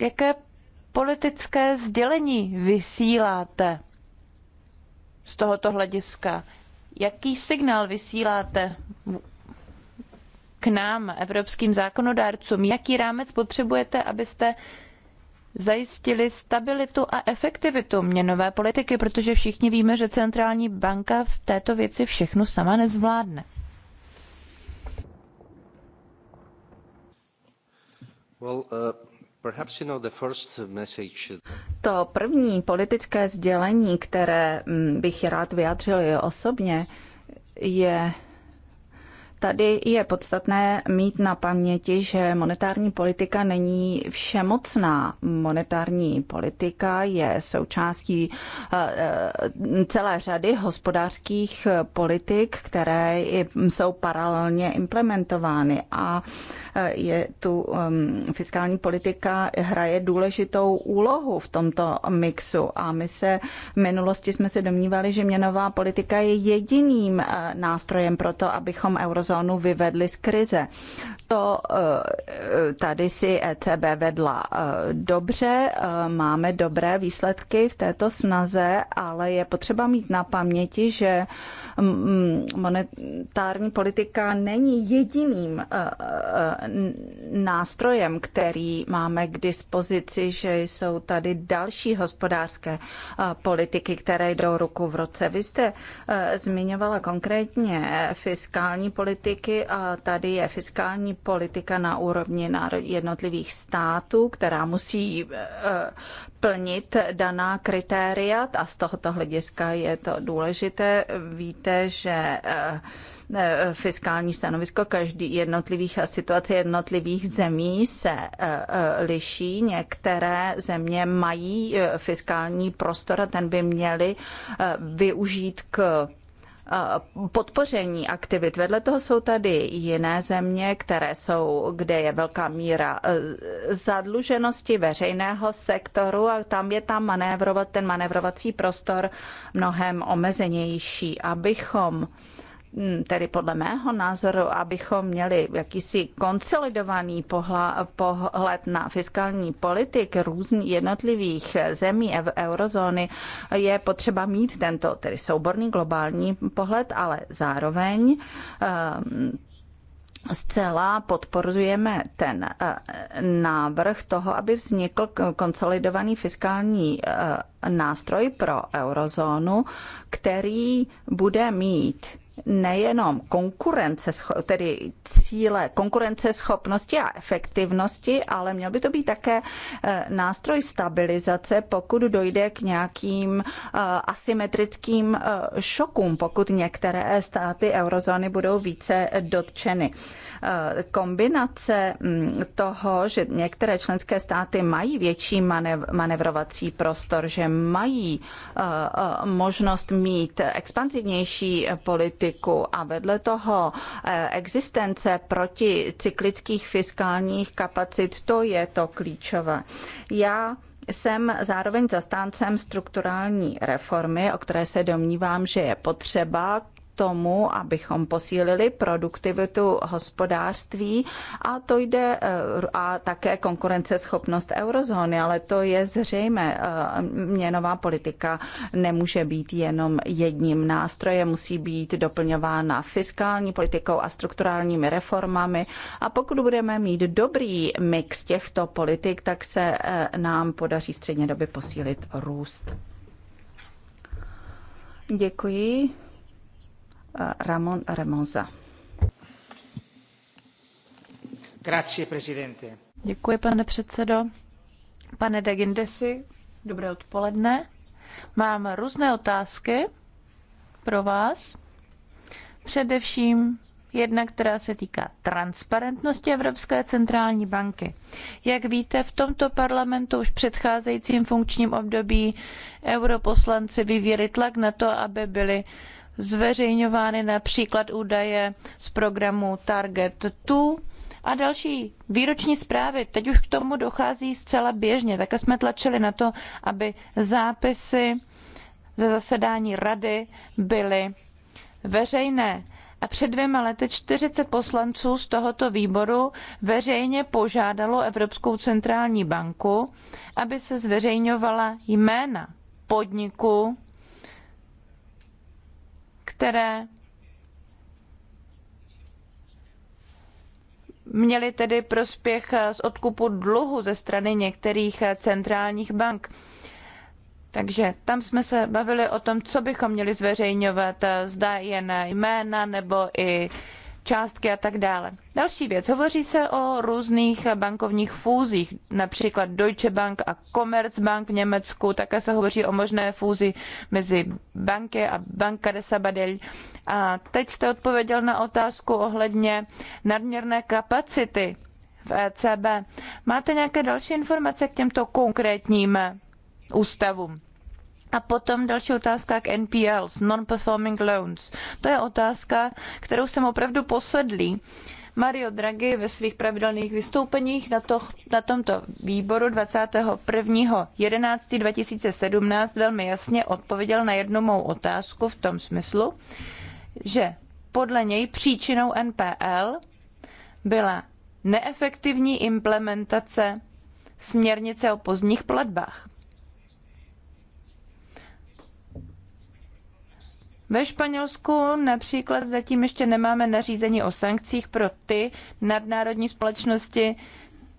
jaké politické sdělení vysíláte z tohoto hlediska? Jaký signál vysíláte k nám, evropským zákonodárcům? Jaký rámec potřebujete, abyste zajistili stabilitu a efektivitu měnové politiky, protože všichni víme, že centrální banka v této věci všechno sama nezvládne. Uh, to první politické sdělení, které mm, bych rád vyjádřil osobně, je Tady je podstatné mít na paměti, že monetární politika není všemocná. Monetární politika je součástí eh, eh, celé řady hospodářských politik, které mm, jsou paralelně implementovány a je tu um, fiskální politika hraje důležitou úlohu v tomto mixu a my se v minulosti jsme se domnívali, že měnová politika je jediným uh, nástrojem pro to, abychom eurozónu vyvedli z krize. To eh, tady si ECB vedla eh, dobře, eh, máme dobré výsledky v této snaze, ale je potřeba mít na paměti, že mm, mm, monetární politika není jediným nástrojem, který máme k dispozici, že jsou tady další hospodářské politiky, které jdou ruku v roce. Vy jste zmiňovala konkrétně fiskální politiky a tady je fiskální politika na úrovni jednotlivých států, která musí eh, plnit daná kritéria a z tohoto hlediska je to důležité. Víte, že eh, eh, fiskální stanovisko každý jednotlivých a situace jednotlivých zemí se liší. Některé země mají fiskální prostor a ten by měly využít k Eh, podpoření aktivit. Vedle toho jsou tady jiné země, které jsou, kde je velká míra eh, zadluženosti veřejného sektoru a tam je tam manévrovat, ten manévrovací prostor mnohem omezenější, abychom Hm, tedy podle mého názoru, abychom měli jakýsi konsolidovaný pohled na fiskální politik různých jednotlivých zemí eurozóny, je potřeba mít tento tedy souborný globální pohled, ale zároveň ehm, Zcela podporujeme ten eh, návrh toho, aby vznikl konsolidovaný fiskální eh, nástroj pro eurozónu, který bude mít nejenom konkurence, tedy cíle konkurenceschopnosti a efektivnosti, ale měl by to být také eh, nástroj stabilizace, pokud dojde k nějakým eh, asymetrickým eh, šokům, pokud některé státy eurozóny budou více dotčeny. Eh, kombinace mm, toho, že některé členské státy mají větší manevrovací prostor, že mají eh, eh, možnost mít expanzivnější politiku a vedle toho existence proti cyklických fiskálních kapacit, to je to klíčové. Já jsem zároveň zastáncem strukturální reformy, o které se domnívám, že je potřeba tomu, abychom posílili produktivitu hospodářství a to jde eh, a také konkurenceschopnost eurozóny, ale to je zřejmé. Eh, měnová politika nemůže být jenom jedním nástrojem, musí být doplňována fiskální politikou a strukturálními reformami a pokud budeme mít dobrý mix těchto politik, tak se eh, nám podaří střednědobě posílit růst. Děkuji. Ramon Remoza. Děkuji, pane předsedo. Pane de Gindesi, dobré odpoledne. Mám různé otázky pro vás. Především jedna, která se týká transparentnosti Evropské centrální banky. Jak víte, v tomto parlamentu už v předcházejícím funkčním období europoslanci vyvíjeli tlak na to, aby byly zveřejňovány například údaje z programu Target 2 a další výroční zprávy. Teď už k tomu dochází zcela běžně. Také jsme tlačili na to, aby zápisy ze zasedání rady byly veřejné. A před dvěma lety 40 poslanců z tohoto výboru veřejně požádalo Evropskou centrální banku, aby se zveřejňovala jména podniků, které měly tedy prospěch z odkupu dluhu ze strany některých centrálních bank. Takže tam jsme se bavili o tom, co bychom měli zveřejňovat, zda jen jména nebo i částky a tak dále. Další věc. Hovoří se o různých bankovních fúzích, například Deutsche Bank a Commerzbank v Německu. Také se hovoří o možné fúzi mezi banky a Banka de Sabadell. A teď jste odpověděl na otázku ohledně nadměrné kapacity v ECB. Máte nějaké další informace k těmto konkrétním ústavům? A potom další otázka k NPLs, non-performing loans. To je otázka, kterou jsem opravdu posedlý. Mario Draghi ve svých pravidelných vystoupeních na, to, na tomto výboru 21.11.2017 velmi jasně odpověděl na jednu mou otázku v tom smyslu, že podle něj příčinou NPL byla neefektivní implementace směrnice o pozdních platbách. Ve Španělsku například zatím ještě nemáme nařízení o sankcích pro ty nadnárodní společnosti,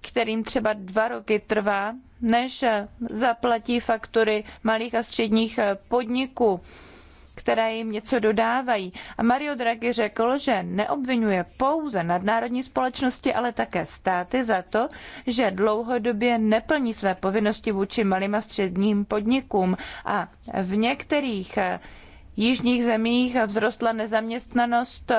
kterým třeba dva roky trvá, než zaplatí faktury malých a středních podniků, které jim něco dodávají. A Mario Draghi řekl, že neobvinuje pouze nadnárodní společnosti, ale také státy za to, že dlouhodobě neplní své povinnosti vůči malým a středním podnikům. A v některých jižních zemích vzrostla nezaměstnanost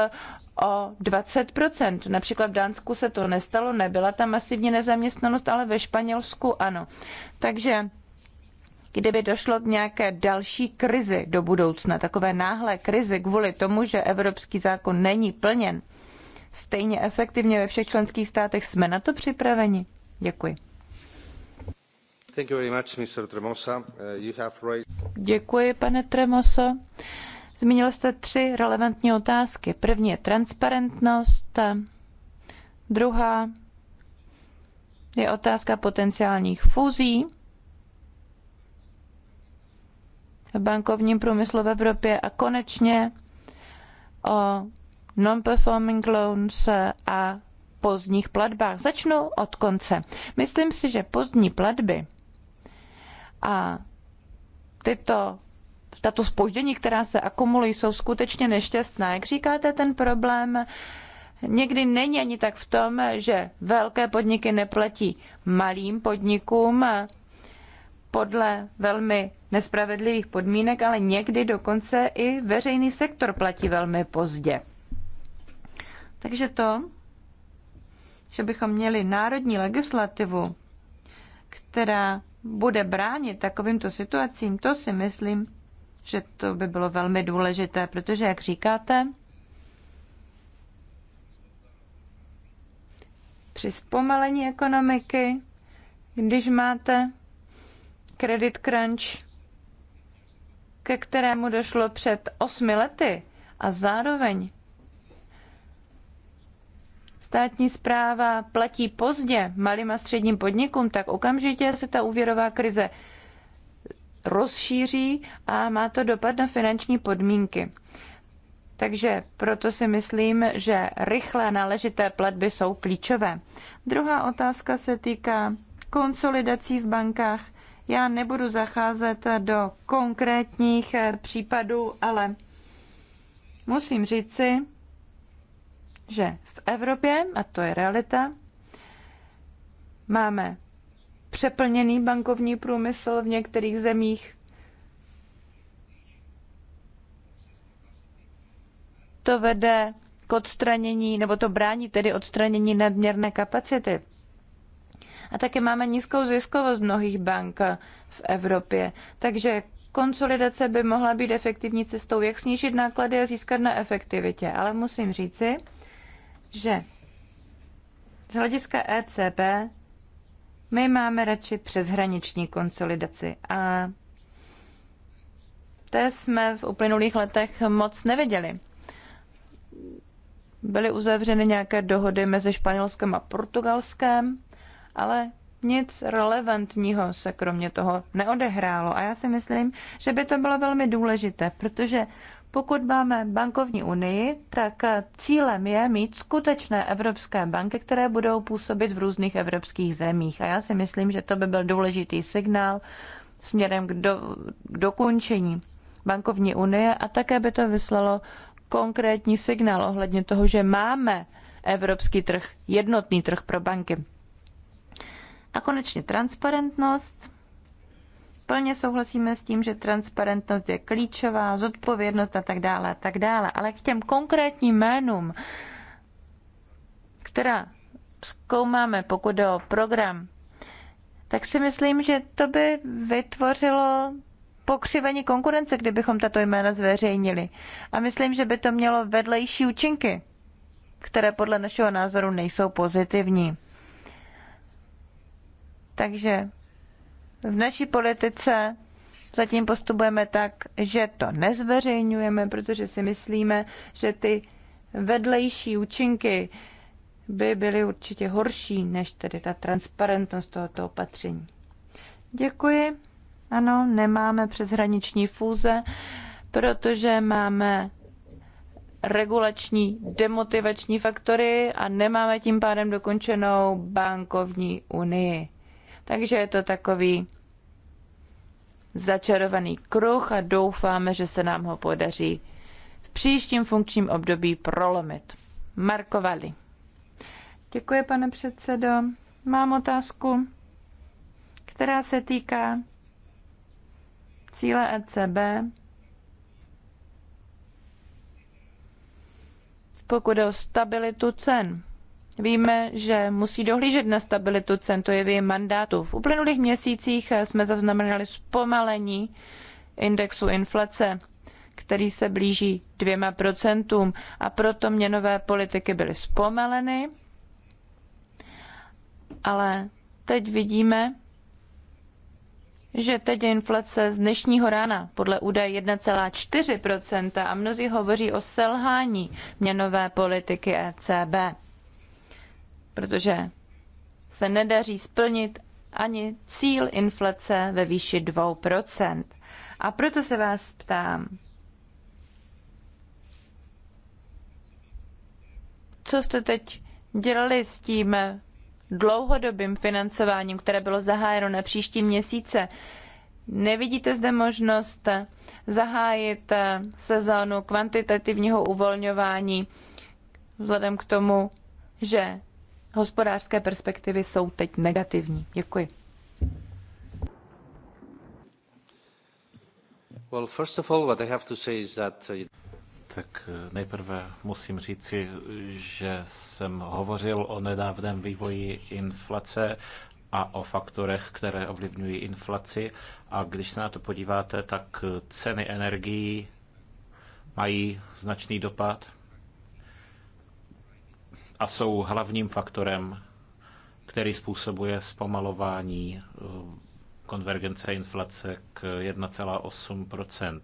o 20%. Například v Dánsku se to nestalo, nebyla tam masivní nezaměstnanost, ale ve Španělsku ano. Takže kdyby došlo k nějaké další krizi do budoucna, takové náhlé krizi kvůli tomu, že evropský zákon není plněn, stejně efektivně ve všech členských státech, jsme na to připraveni? Děkuji. Thank you very much, Mr. Tremosa. Uh, you have raised... Děkuji, pane Tremoso. Zmínil jste tři relevantní otázky. První je transparentnost, druhá je otázka potenciálních fúzí v bankovním průmyslu v Evropě a konečně o non-performing loans a pozdních platbách. Začnu od konce. Myslím si, že pozdní platby a tyto tato spoždění, která se akumulují, jsou skutečně nešťastná. Jak říkáte, ten problém někdy není ani tak v tom, že velké podniky neplatí malým podnikům podle velmi nespravedlivých podmínek, ale někdy dokonce i veřejný sektor platí velmi pozdě. Takže to, že bychom měli národní legislativu, která bude bránit takovýmto situacím, to si myslím, že to by bylo velmi důležité, protože, jak říkáte, při zpomalení ekonomiky, když máte kredit crunch, ke kterému došlo před osmi lety, a zároveň státní zpráva platí pozdě malým a středním podnikům, tak okamžitě se ta úvěrová krize rozšíří a má to dopad na finanční podmínky. Takže proto si myslím, že rychlé náležité platby jsou klíčové. Druhá otázka se týká konsolidací v bankách. Já nebudu zacházet do konkrétních případů, ale musím říci, že v Evropě, a to je realita, máme přeplněný bankovní průmysl v některých zemích. To vede k odstranění, nebo to brání tedy odstranění nadměrné kapacity. A také máme nízkou ziskovost mnohých bank v Evropě. Takže konsolidace by mohla být efektivní cestou, jak snížit náklady a získat na efektivitě. Ale musím říci, že z hlediska ECB my máme radši přeshraniční konsolidaci a té jsme v uplynulých letech moc neviděli. Byly uzavřeny nějaké dohody mezi Španělskem a Portugalskem, ale nic relevantního se kromě toho neodehrálo. A já si myslím, že by to bylo velmi důležité, protože pokud máme bankovní unii, tak cílem je mít skutečné evropské banky, které budou působit v různých evropských zemích. A já si myslím, že to by byl důležitý signál směrem k, do, k dokončení bankovní unie a také by to vyslalo konkrétní signál ohledně toho, že máme evropský trh, jednotný trh pro banky. A konečně transparentnost plně souhlasíme s tím, že transparentnost je klíčová, zodpovědnost a tak dále a tak dále, ale k těm konkrétním jménům, která zkoumáme, pokud jde o program, tak si myslím, že to by vytvořilo pokřivení konkurence, kdybychom tato jména zveřejnili. A myslím, že by to mělo vedlejší účinky, které podle našeho názoru nejsou pozitivní. Takže v naší politice zatím postupujeme tak, že to nezveřejňujeme, protože si myslíme, že ty vedlejší účinky by byly určitě horší než tedy ta transparentnost tohoto opatření. Děkuji. Ano, nemáme přeshraniční fúze, protože máme regulační demotivační faktory a nemáme tím pádem dokončenou bankovní unii. Takže je to takový začarovaný kruh a doufáme, že se nám ho podaří v příštím funkčním období prolomit. Markovali. Děkuji, pane předsedo. Mám otázku, která se týká cíle ECB. Pokud je o stabilitu cen, Víme, že musí dohlížet na stabilitu cen, to je v jejím mandátu. V uplynulých měsících jsme zaznamenali zpomalení indexu inflace, který se blíží dvěma procentům a proto měnové politiky byly zpomaleny. Ale teď vidíme, že teď je inflace z dnešního rána podle údaje 1,4% a mnozí hovoří o selhání měnové politiky ECB protože se nedaří splnit ani cíl inflace ve výši 2%. A proto se vás ptám, co jste teď dělali s tím dlouhodobým financováním, které bylo zahájeno na příští měsíce? Nevidíte zde možnost zahájit sezónu kvantitativního uvolňování vzhledem k tomu, že hospodářské perspektivy jsou teď negativní. Děkuji. Well, first of all, what I have to say is that uh, tak uh, nejprve musím říci, že jsem hovořil o nedávném vývoji inflace a o faktorech, které ovlivňují inflaci. A když se na to podíváte, tak uh, ceny energií mají značný dopad a jsou hlavním faktorem, který způsobuje zpomalování eh, konvergence inflace k 1,8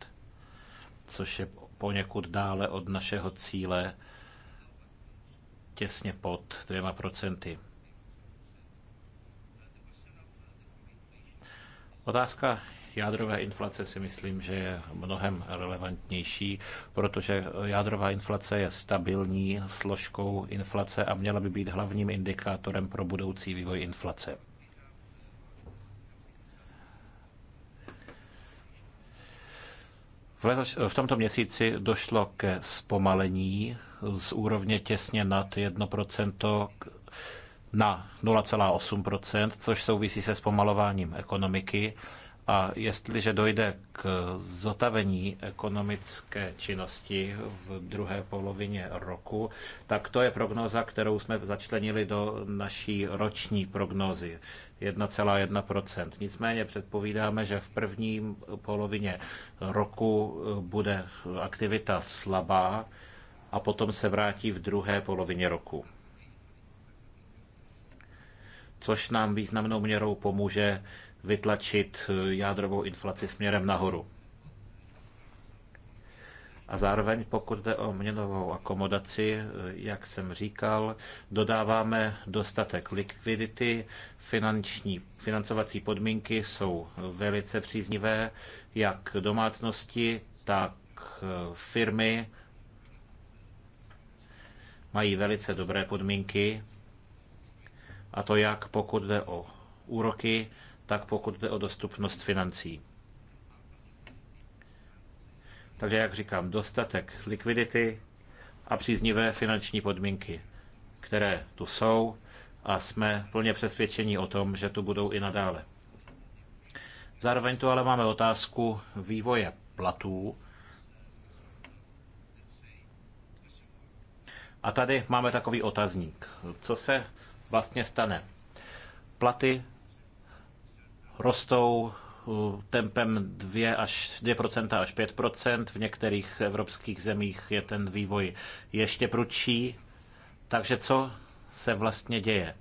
což je poněkud dále od našeho cíle těsně pod 2%. Otázka jádrové inflace si myslím, že je mnohem relevantnější, protože jádrová inflace je stabilní složkou inflace a měla by být hlavním indikátorem pro budoucí vývoj inflace. V, tomto měsíci došlo ke zpomalení z úrovně těsně nad 1% na 0,8%, což souvisí se zpomalováním ekonomiky a jestliže dojde k zotavení ekonomické činnosti v druhé polovině roku, tak to je prognoza, kterou jsme začlenili do naší roční prognozy 1,1%. Nicméně předpovídáme, že v první polovině roku bude aktivita slabá a potom se vrátí v druhé polovině roku. Což nám významnou měrou pomůže vytlačit eh, jádrovou inflaci směrem nahoru. A zároveň, pokud jde o měnovou akomodaci, eh, jak jsem říkal, dodáváme dostatek likvidity, finanční, financovací podmínky jsou velice příznivé, jak domácnosti, tak eh, firmy mají velice dobré podmínky, a to jak pokud jde o úroky, tak pokud jde o dostupnost financí. Takže, jak říkám, dostatek likvidity a příznivé finanční podmínky, které tu jsou a jsme plně přesvědčeni o tom, že tu budou i nadále. Zároveň tu ale máme otázku vývoje platů. A tady máme takový otazník. Co se vlastně stane? Platy rostou tempem 2 až 2% až 5%. V některých evropských zemích je ten vývoj ještě prudší. Takže co se vlastně děje?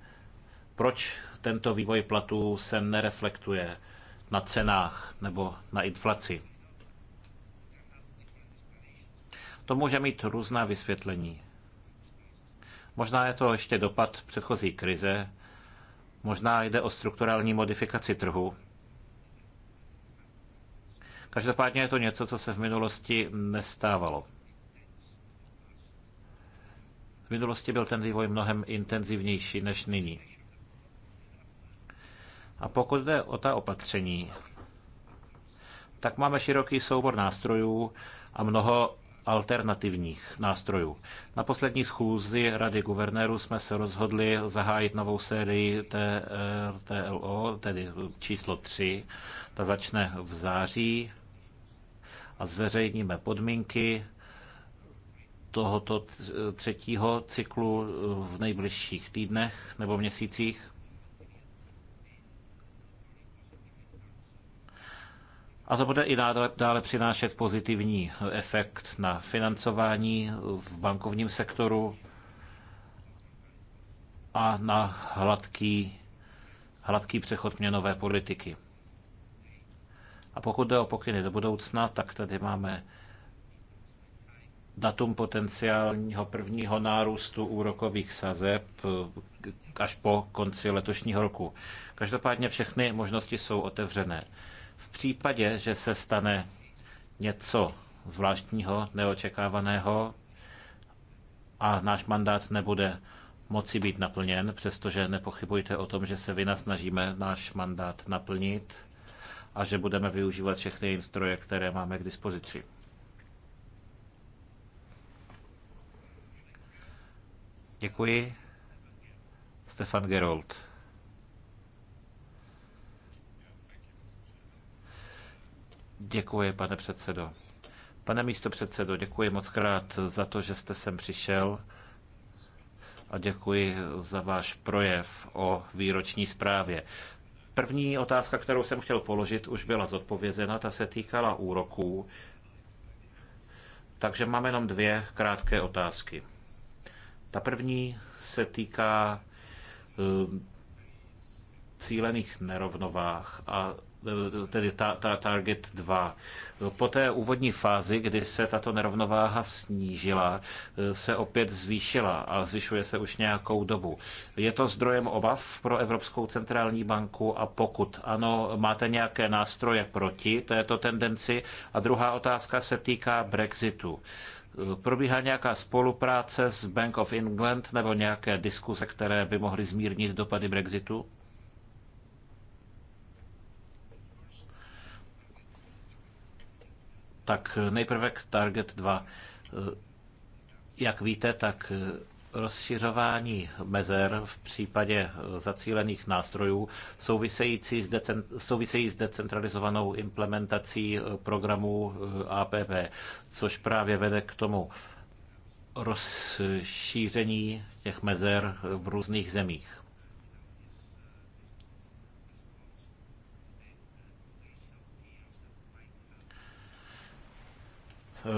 Proč tento vývoj platů se nereflektuje na cenách nebo na inflaci? To může mít různá vysvětlení. Možná je to ještě dopad předchozí krize, Možná jde o strukturální modifikaci trhu. Každopádně je to něco, co se v minulosti nestávalo. V minulosti byl ten vývoj mnohem intenzivnější než nyní. A pokud jde o ta opatření, tak máme široký soubor nástrojů a mnoho alternativních nástrojů. Na poslední schůzi Rady guvernérů jsme se rozhodli zahájit novou sérii TLO, tedy číslo 3. Ta začne v září a zveřejníme podmínky tohoto třetího cyklu v nejbližších týdnech nebo měsících. A to bude i dále, dále přinášet pozitivní efekt na financování v bankovním sektoru a na hladký, hladký přechod měnové politiky. A pokud jde o pokyny do budoucna, tak tady máme datum potenciálního prvního nárůstu úrokových sazeb eh, až po konci letošního roku. Každopádně všechny možnosti jsou otevřené. V případě, že se stane něco zvláštního, neočekávaného a náš mandát nebude moci být naplněn, přestože nepochybujte o tom, že se vynasnažíme náš mandát naplnit a že budeme využívat všechny nástroje, které máme k dispozici. Děkuji. Stefan Gerold. Děkuji, pane předsedo. Pane místo předsedo, děkuji moc krát za to, že jste sem přišel a děkuji za váš projev o výroční zprávě. První otázka, kterou jsem chtěl položit, už byla zodpovězena, ta se týkala úroků. Takže máme jenom dvě krátké otázky. Ta první se týká eh, cílených nerovnovách a tedy ta, ta Target 2. Po té úvodní fázi, kdy se tato nerovnováha snížila, se opět zvýšila a zvyšuje se už nějakou dobu. Je to zdrojem obav pro Evropskou centrální banku a pokud ano, máte nějaké nástroje proti této tendenci? A druhá otázka se týká Brexitu probíhá nějaká spolupráce s Bank of England nebo nějaké diskuse, které by mohly zmírnit dopady Brexitu? Tak nejprve k Target 2. Jak víte, tak rozšiřování mezer v případě zacílených nástrojů související s, decent, souvisejí s decentralizovanou implementací programů APP, což právě vede k tomu rozšíření těch mezer v různých zemích.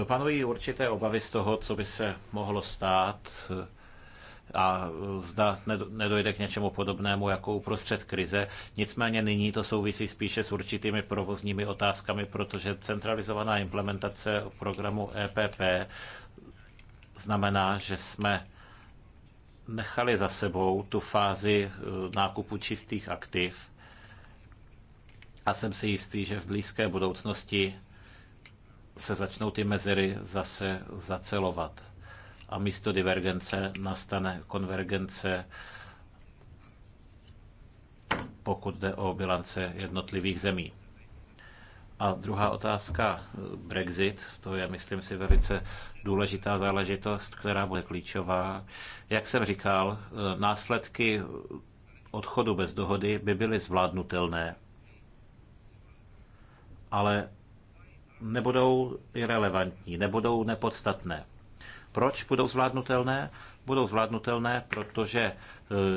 Panují určité obavy z toho, co by se mohlo stát a zda nedojde k něčemu podobnému jako uprostřed krize. Nicméně nyní to souvisí spíše s určitými provozními otázkami, protože centralizovaná implementace programu EPP znamená, že jsme nechali za sebou tu fázi eh, nákupu čistých aktiv a jsem si jistý, že v blízké budoucnosti se začnou ty mezery zase zacelovat a místo divergence nastane konvergence, pokud jde o bilance jednotlivých zemí. A druhá otázka, Brexit, to je, myslím si, velice důležitá záležitost, která bude klíčová. Jak jsem říkal, následky odchodu bez dohody by byly zvládnutelné, ale nebudou irrelevantní, nebudou nepodstatné. Proč budou zvládnutelné? Budou zvládnutelné, protože e,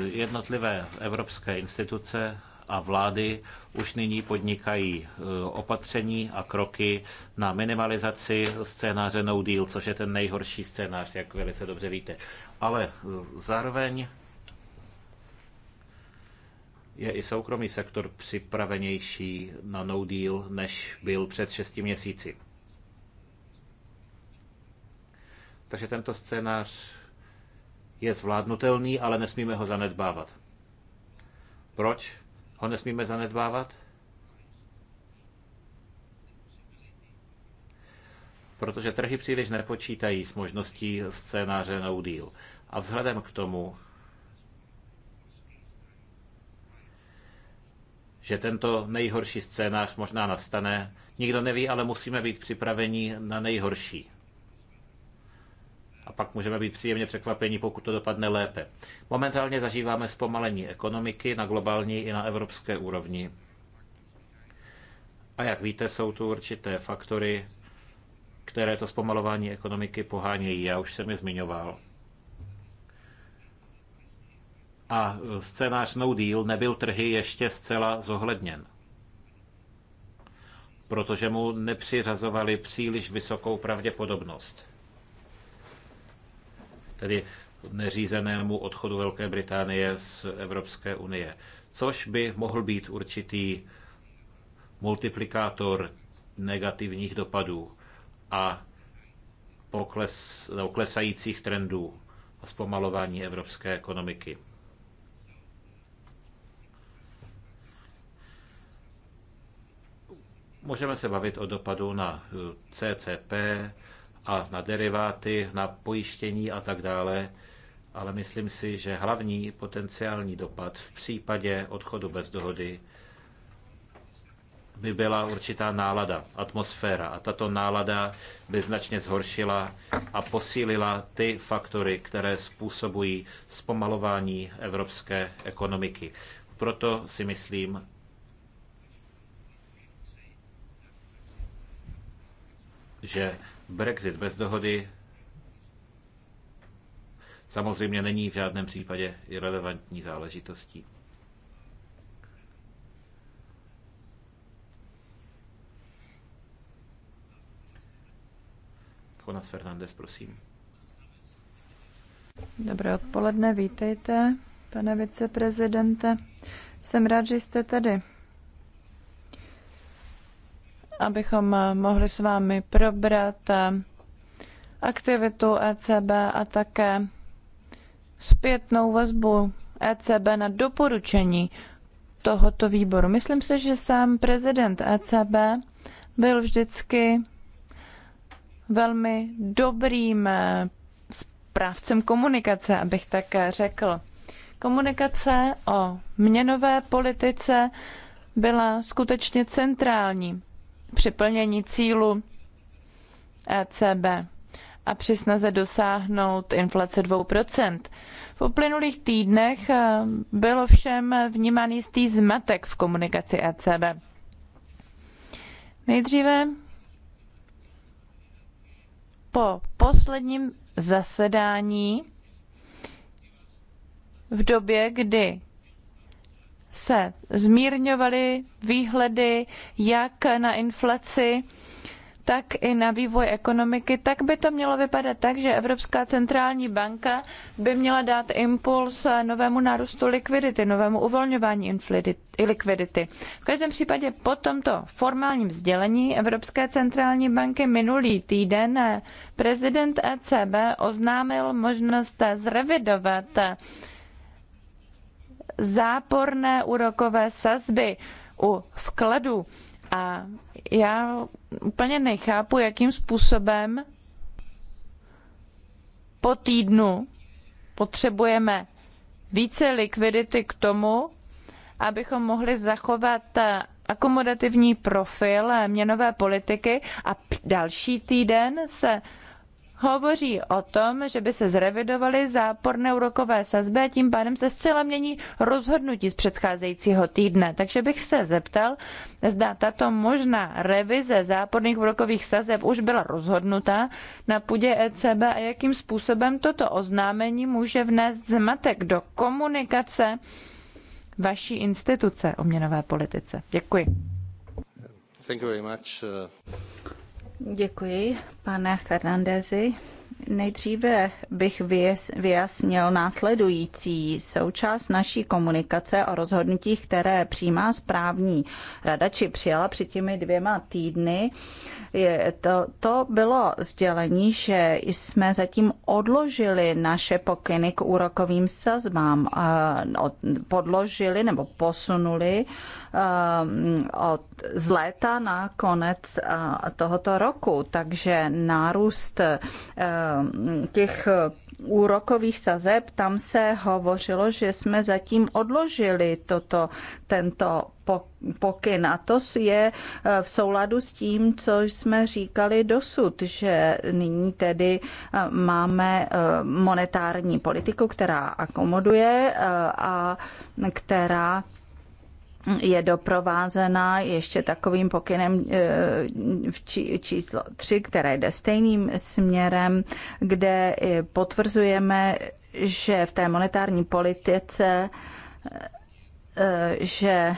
jednotlivé evropské instituce a vlády už nyní podnikají e, opatření a kroky na minimalizaci scénáře no deal, což je ten nejhorší scénář, jak velice dobře víte. Ale e, zároveň je i soukromý sektor připravenější na no deal, než byl před šesti měsíci. Takže tento scénář je zvládnutelný, ale nesmíme ho zanedbávat. Proč ho nesmíme zanedbávat? Protože trhy příliš nepočítají s možností scénáře no deal. A vzhledem k tomu, že tento nejhorší scénář možná nastane. Nikdo neví, ale musíme být připraveni na nejhorší. A pak můžeme být příjemně překvapeni, pokud to dopadne lépe. Momentálně zažíváme zpomalení ekonomiky na globální i na evropské úrovni. A jak víte, jsou tu určité faktory, které to zpomalování ekonomiky pohánějí. Já už jsem je zmiňoval a e, scénář No Deal nebyl trhy ještě zcela zohledněn protože mu nepřiřazovali příliš vysokou pravděpodobnost. Tedy neřízenému odchodu Velké Británie z Evropské unie, což by mohl být určitý multiplikátor negativních dopadů a pokles, no, klesajících trendů a zpomalování evropské ekonomiky. Můžeme se bavit o dopadu na eh, CCP a na deriváty, na pojištění a tak dále, ale myslím si, že hlavní potenciální dopad v případě odchodu bez dohody by byla určitá nálada, atmosféra. A tato nálada by značně zhoršila a posílila ty faktory, které způsobují zpomalování evropské ekonomiky. Proto si myslím, že Brexit bez dohody samozřejmě není v žádném případě irrelevantní záležitostí. Konas Fernandez, prosím. Dobré odpoledne, vítejte, pane viceprezidente. Jsem rád, že jste tady abychom eh, mohli s vámi probrat eh, aktivitu ECB a také zpětnou vazbu ECB na doporučení tohoto výboru. Myslím si, že sám prezident ECB byl vždycky velmi dobrým eh, správcem komunikace, abych tak řekl. Komunikace o měnové politice byla skutečně centrální při plnění cílu ECB a při snaze dosáhnout inflace 2%. V uplynulých týdnech eh, byl všem vnímán jistý zmatek v komunikaci ECB. Nejdříve po posledním zasedání v době, kdy se zmírňovaly výhledy jak na inflaci, tak i na vývoj ekonomiky, tak by to mělo vypadat tak, že Evropská centrální banka by měla dát impuls novému nárůstu likvidity, novému uvolňování likvidity. V každém případě po tomto formálním sdělení Evropské centrální banky minulý týden prezident ECB oznámil možnost zrevidovat záporné úrokové sazby u vkladu. A já úplně nechápu, jakým způsobem po týdnu potřebujeme více likvidity k tomu, abychom mohli zachovat akomodativní profil měnové politiky a další týden se hovoří o tom, že by se zrevidovaly záporné úrokové sazby a tím pádem se zcela mění rozhodnutí z předcházejícího týdne. Takže bych se zeptal, zda tato možná revize záporných úrokových sazeb už byla rozhodnuta na půdě ECB a jakým způsobem toto oznámení může vnést zmatek do komunikace vaší instituce o měnové politice. Děkuji. Thank you very much. Uh, Děkuji, pane Fernandezi. Nejdříve bych vyjasnil následující součást naší komunikace o rozhodnutích, které přijímá správní rada či přijala před těmi dvěma týdny. Je to, to bylo sdělení, že jsme zatím odložili naše pokyny k úrokovým sazbám, podložili nebo posunuli od, z léta na konec tohoto roku. Takže nárůst těch úrokových sazeb, tam se hovořilo, že jsme zatím odložili toto, tento pokyn. A to je eh, v souladu s tím, co jsme říkali dosud, že nyní tedy eh, máme eh, monetární politiku, která akomoduje a která je doprovázena ještě takovým pokynem číslo 3, které jde stejným směrem, kde potvrzujeme, že v té monetární politice Eh, že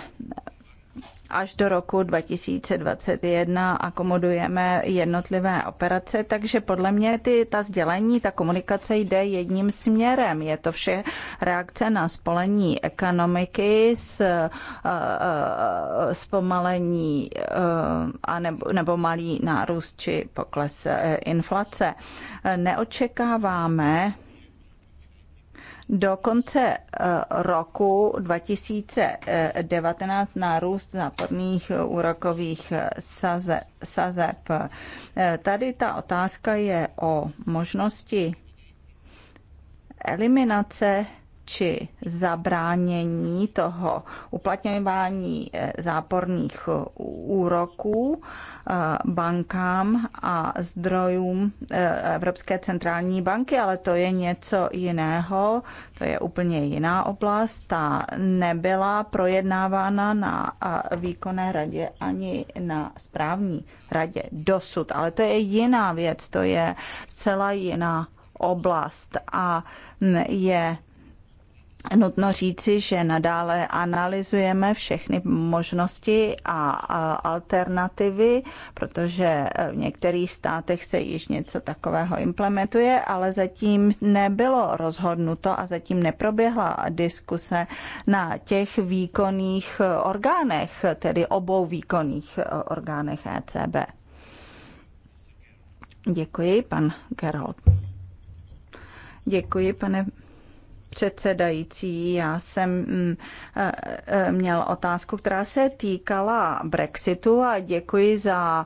až do roku 2021 akomodujeme jednotlivé operace, takže podle mě ty, ta sdělení, ta komunikace jde jedním směrem. Je to vše reakce na spolení ekonomiky, s, eh, eh, zpomalení a nebo, nebo malý nárůst či pokles inflace. Neočekáváme do konce eh, roku 2019 nárůst záporných eh, úrokových eh, sazeb. Tady ta otázka je o možnosti eliminace či zabránění toho uplatňování eh, záporných eh, úroků eh, bankám a zdrojům Evropské centrální banky, ale to je něco jiného, to je úplně jiná oblast. Ta nebyla projednávána na výkonné radě ani na správní radě dosud, ale to je jiná věc, to je zcela jiná oblast a je Nutno říci, že nadále analyzujeme všechny možnosti a alternativy, protože eh, v některých státech se již něco takového implementuje, ale zatím nebylo rozhodnuto a zatím neproběhla diskuse na těch výkonných eh, orgánech, tedy obou výkonných eh, orgánech ECB. Děkuji, pan Gerold. Děkuji, pane předsedající. Já jsem mm, e, e, měl otázku, která se týkala Brexitu a děkuji za e,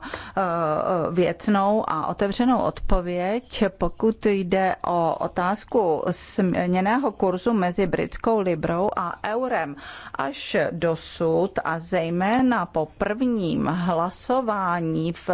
věcnou a otevřenou odpověď. Pokud jde o otázku směněného kurzu mezi britskou librou a eurem, až dosud a zejména po prvním hlasování v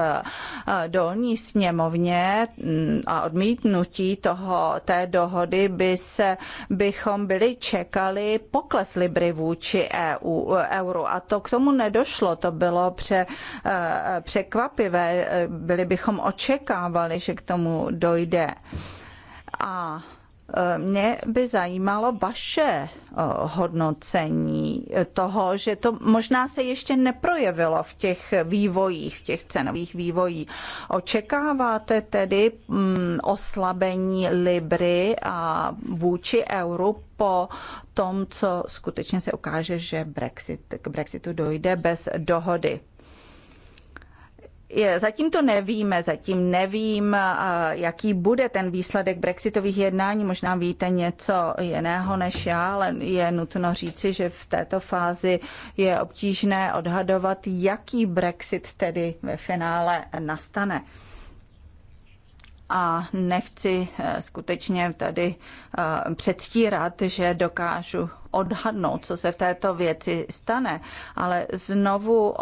dolní sněmovně mm, a odmítnutí toho, té dohody by se by bychom byli čekali pokles Libry vůči EU, euru a to k tomu nedošlo, to bylo pře, eh, překvapivé, byli bychom očekávali, že k tomu dojde. A mě by zajímalo vaše eh, hodnocení toho, že to možná se ještě neprojevilo v těch vývojích, v těch cenových vývojích. Očekáváte tedy mm, oslabení Libry a vůči euru po tom, co skutečně se ukáže, že Brexit, k Brexitu dojde bez dohody? Zatím to nevíme, zatím nevím, jaký bude ten výsledek brexitových jednání. Možná víte něco jiného než já, ale je nutno říci, že v této fázi je obtížné odhadovat, jaký brexit tedy ve finále nastane a nechci eh, skutečně tady eh, předstírat, že dokážu odhadnout, co se v této věci stane, ale znovu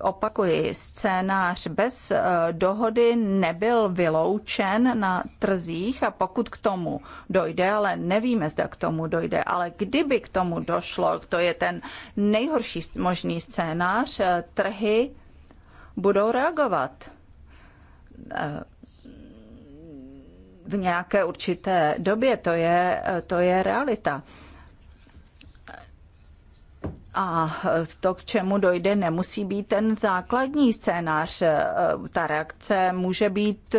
opakuji, scénář bez eh, dohody nebyl vyloučen na trzích a pokud k tomu dojde, ale nevíme, zda k tomu dojde, ale kdyby k tomu došlo, to je ten nejhorší možný scénář, trhy budou reagovat v nějaké určité době. To je, to je realita. A e, to, k čemu dojde, nemusí být ten základní scénář. E, ta reakce může být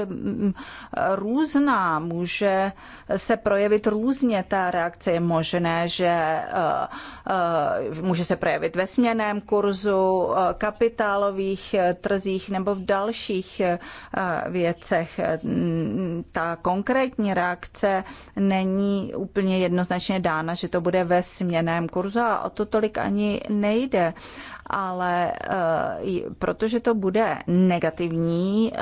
různá, může se projevit různě. Ta reakce je možné, že e, může se projevit ve směném kurzu, kapitálových trzích nebo v dalších věcech. Ta konkrétní reakce není úplně jednoznačně dána, že to bude ve směném kurzu a o to tolik ani nejde, ale eh, protože to bude negativní eh,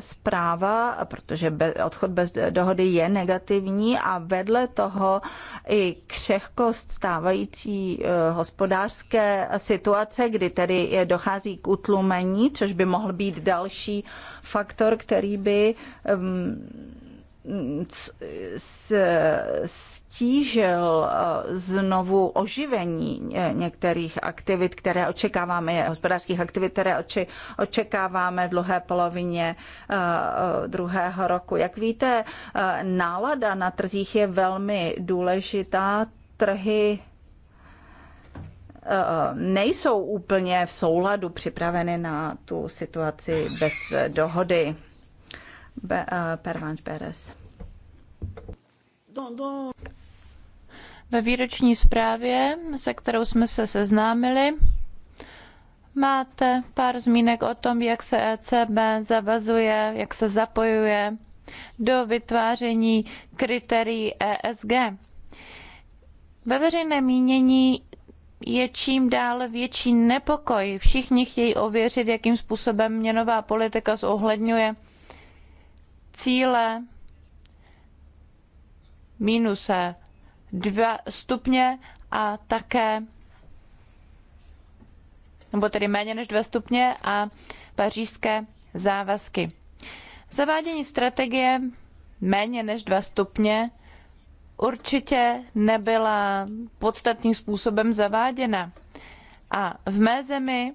zpráva, protože odchod bez dohody je negativní a vedle toho i křehkost stávající eh, hospodářské situace, kdy tedy dochází k utlumení, což by mohl být další faktor, který by mm, stížil eh, znovu oživení eh, některých aktivit, které očekáváme, hospodářských aktivit, které očekáváme v dlouhé polovině eh, druhého roku. Jak víte, nálada na trzích je velmi důležitá. Trhy nejsou úplně v souladu připraveny na tu situaci bez dohody. Eh, Pervanč Pérez. Ve výroční zprávě, se kterou jsme se seznámili, máte pár zmínek o tom, jak se ECB zavazuje, jak se zapojuje do vytváření kritérií ESG. Ve veřejné mínění je čím dál větší nepokoj. Všichni chtějí ověřit, jakým způsobem měnová politika zohledňuje cíle minus 2 stupně a také nebo tedy méně než 2 stupně a pařížské závazky. Zavádění strategie méně než 2 stupně určitě nebyla podstatným způsobem zaváděna. A v mé zemi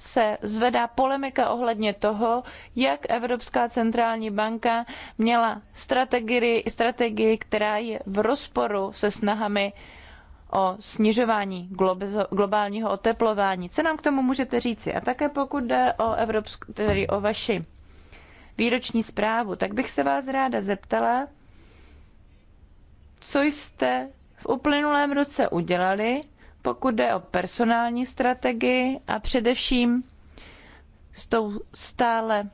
se zvedá polemika ohledně toho, jak Evropská centrální banka měla strategii, strategii která je v rozporu se snahami o snižování globálního oteplování. Co nám k tomu můžete říci? A také pokud jde o, evropsk- tedy o vaši výroční zprávu, tak bych se vás ráda zeptala, co jste v uplynulém roce udělali, pokud jde o personální strategii a především s tou stále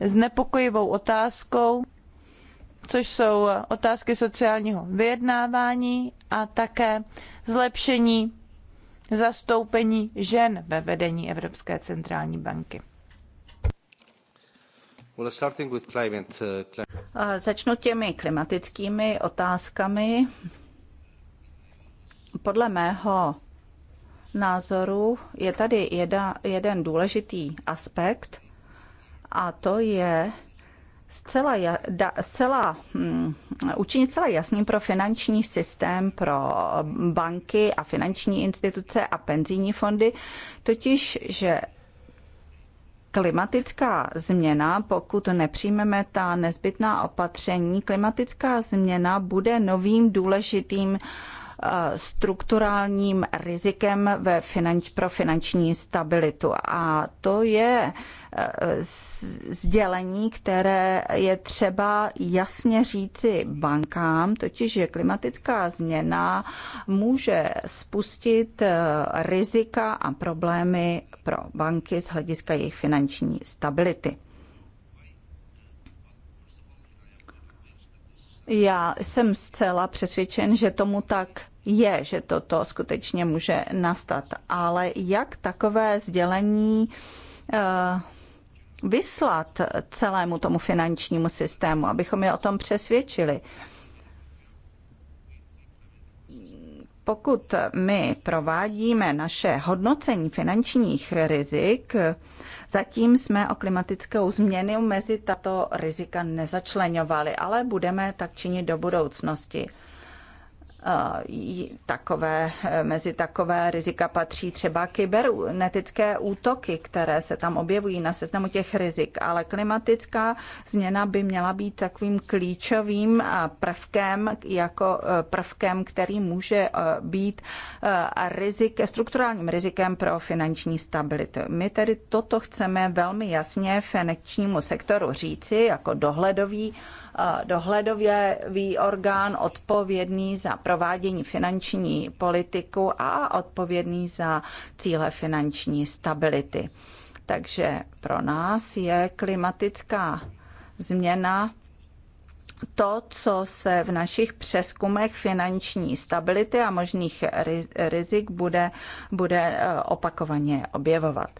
znepokojivou otázkou, což jsou otázky sociálního vyjednávání a také zlepšení zastoupení žen ve vedení Evropské centrální banky. Uh, začnu těmi klimatickými otázkami podle mého názoru je tady jedna, jeden důležitý aspekt a to je zcela, da, zcela hm, učinit celé jasným pro finanční systém, pro banky a finanční instituce a penzijní fondy, totiž, že klimatická změna, pokud nepřijmeme ta nezbytná opatření, klimatická změna bude novým důležitým strukturálním rizikem ve finanč, pro finanční stabilitu. A to je e, sdělení, které je třeba jasně říci bankám, totiž že klimatická změna může spustit e, rizika a problémy pro banky z hlediska jejich finanční stability. Já jsem zcela přesvědčen, že tomu tak je, že toto skutečně může nastat. Ale jak takové sdělení eh, vyslat celému tomu finančnímu systému, abychom je o tom přesvědčili? pokud my provádíme naše hodnocení finančních rizik, zatím jsme o klimatickou změnu mezi tato rizika nezačlenovali, ale budeme tak činit do budoucnosti. Eh, takové, eh, mezi takové rizika patří třeba kybernetické útoky, které se tam objevují na seznamu těch rizik, ale klimatická změna by měla být takovým klíčovým eh, prvkem, jako prvkem, který může být rizik, strukturálním rizikem pro finanční stabilitu. My tedy toto chceme velmi jasně finančnímu sektoru říci jako dohledový dohledový orgán odpovědný za provádění finanční politiku a odpovědný za cíle finanční stability. Takže pro nás je klimatická změna to, co se v našich přeskumech finanční stability a možných rizik bude, bude eh, opakovaně objevovat.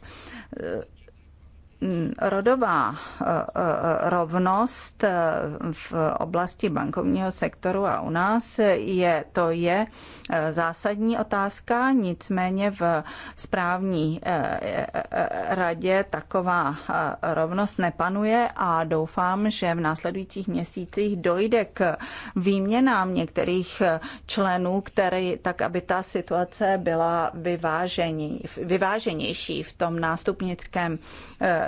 Mm, rodová eh, eh, rovnost eh, v oblasti bankovního sektoru a u nás je, to je zásadní otázka, nicméně v správní radě taková rovnost nepanuje a doufám, že v následujících měsících dojde k výměnám některých členů, který, tak aby ta situace byla vyvážení, vyváženější v tom nástupnickém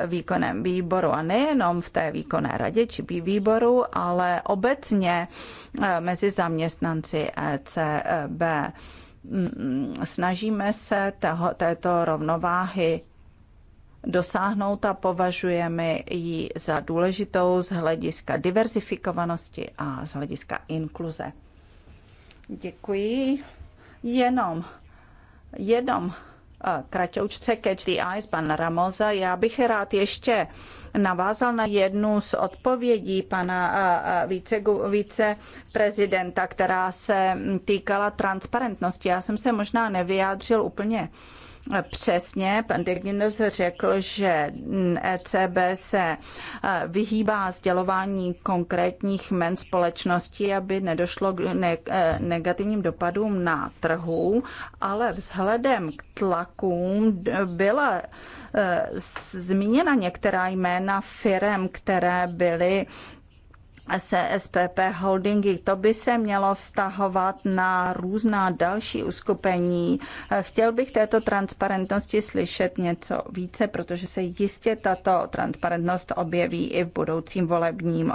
výkonem výboru a nejenom v té výkonné radě či výboru, ale obecně eh, mezi zaměstnanci ECB. Mm, mm, snažíme se toho, této rovnováhy dosáhnout a považujeme ji za důležitou z hlediska diversifikovanosti a z hlediska inkluze. Děkuji. Jenom, jenom kratoučce Catch the Eyes, pan Ramoza. Já bych rád ještě navázal na jednu z odpovědí pana více, viceprezidenta, která se týkala transparentnosti. Já jsem se možná nevyjádřil úplně přesně. Pan Dignos řekl, že ECB se e, vyhýbá sdělování konkrétních men společnosti, aby nedošlo k e, negativním dopadům na trhu, ale vzhledem k tlakům byla e, zmíněna některá jména firem, které byly SSPP holdingy. To by se mělo vztahovat na různá další uskupení. Chtěl bych této transparentnosti slyšet něco více, protože se jistě tato transparentnost objeví i v budoucím volebním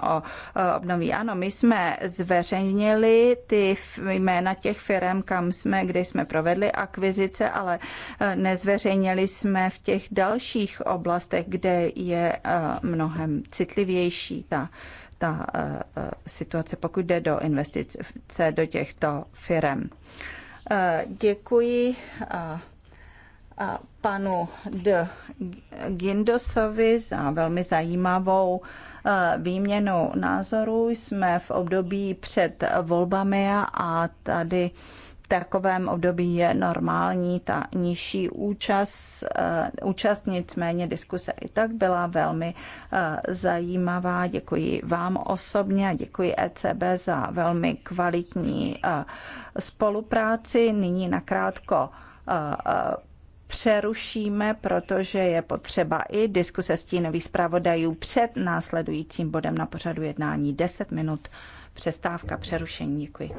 obnoví. Ano, my jsme zveřejnili ty jména těch firm, kam jsme, kde jsme provedli akvizice, ale e, nezveřejnili jsme v těch dalších oblastech, kde je e, mnohem citlivější ta ta eh, eh, situace, pokud jde do investice do těchto firm. Eh, děkuji panu D. Gindosovi za velmi zajímavou výměnu názorů. Jsme v období před volbami a tady takovém období je normální ta nižší účast, eh, účast nicméně diskuse i tak byla velmi eh, zajímavá. Děkuji vám osobně a děkuji ECB za velmi kvalitní eh, spolupráci. Nyní nakrátko přerušíme, protože je potřeba i diskuse stínových zpravodajů před následujícím bodem na pořadu jednání 10 minut. Přestávka, přerušení. Děkuji.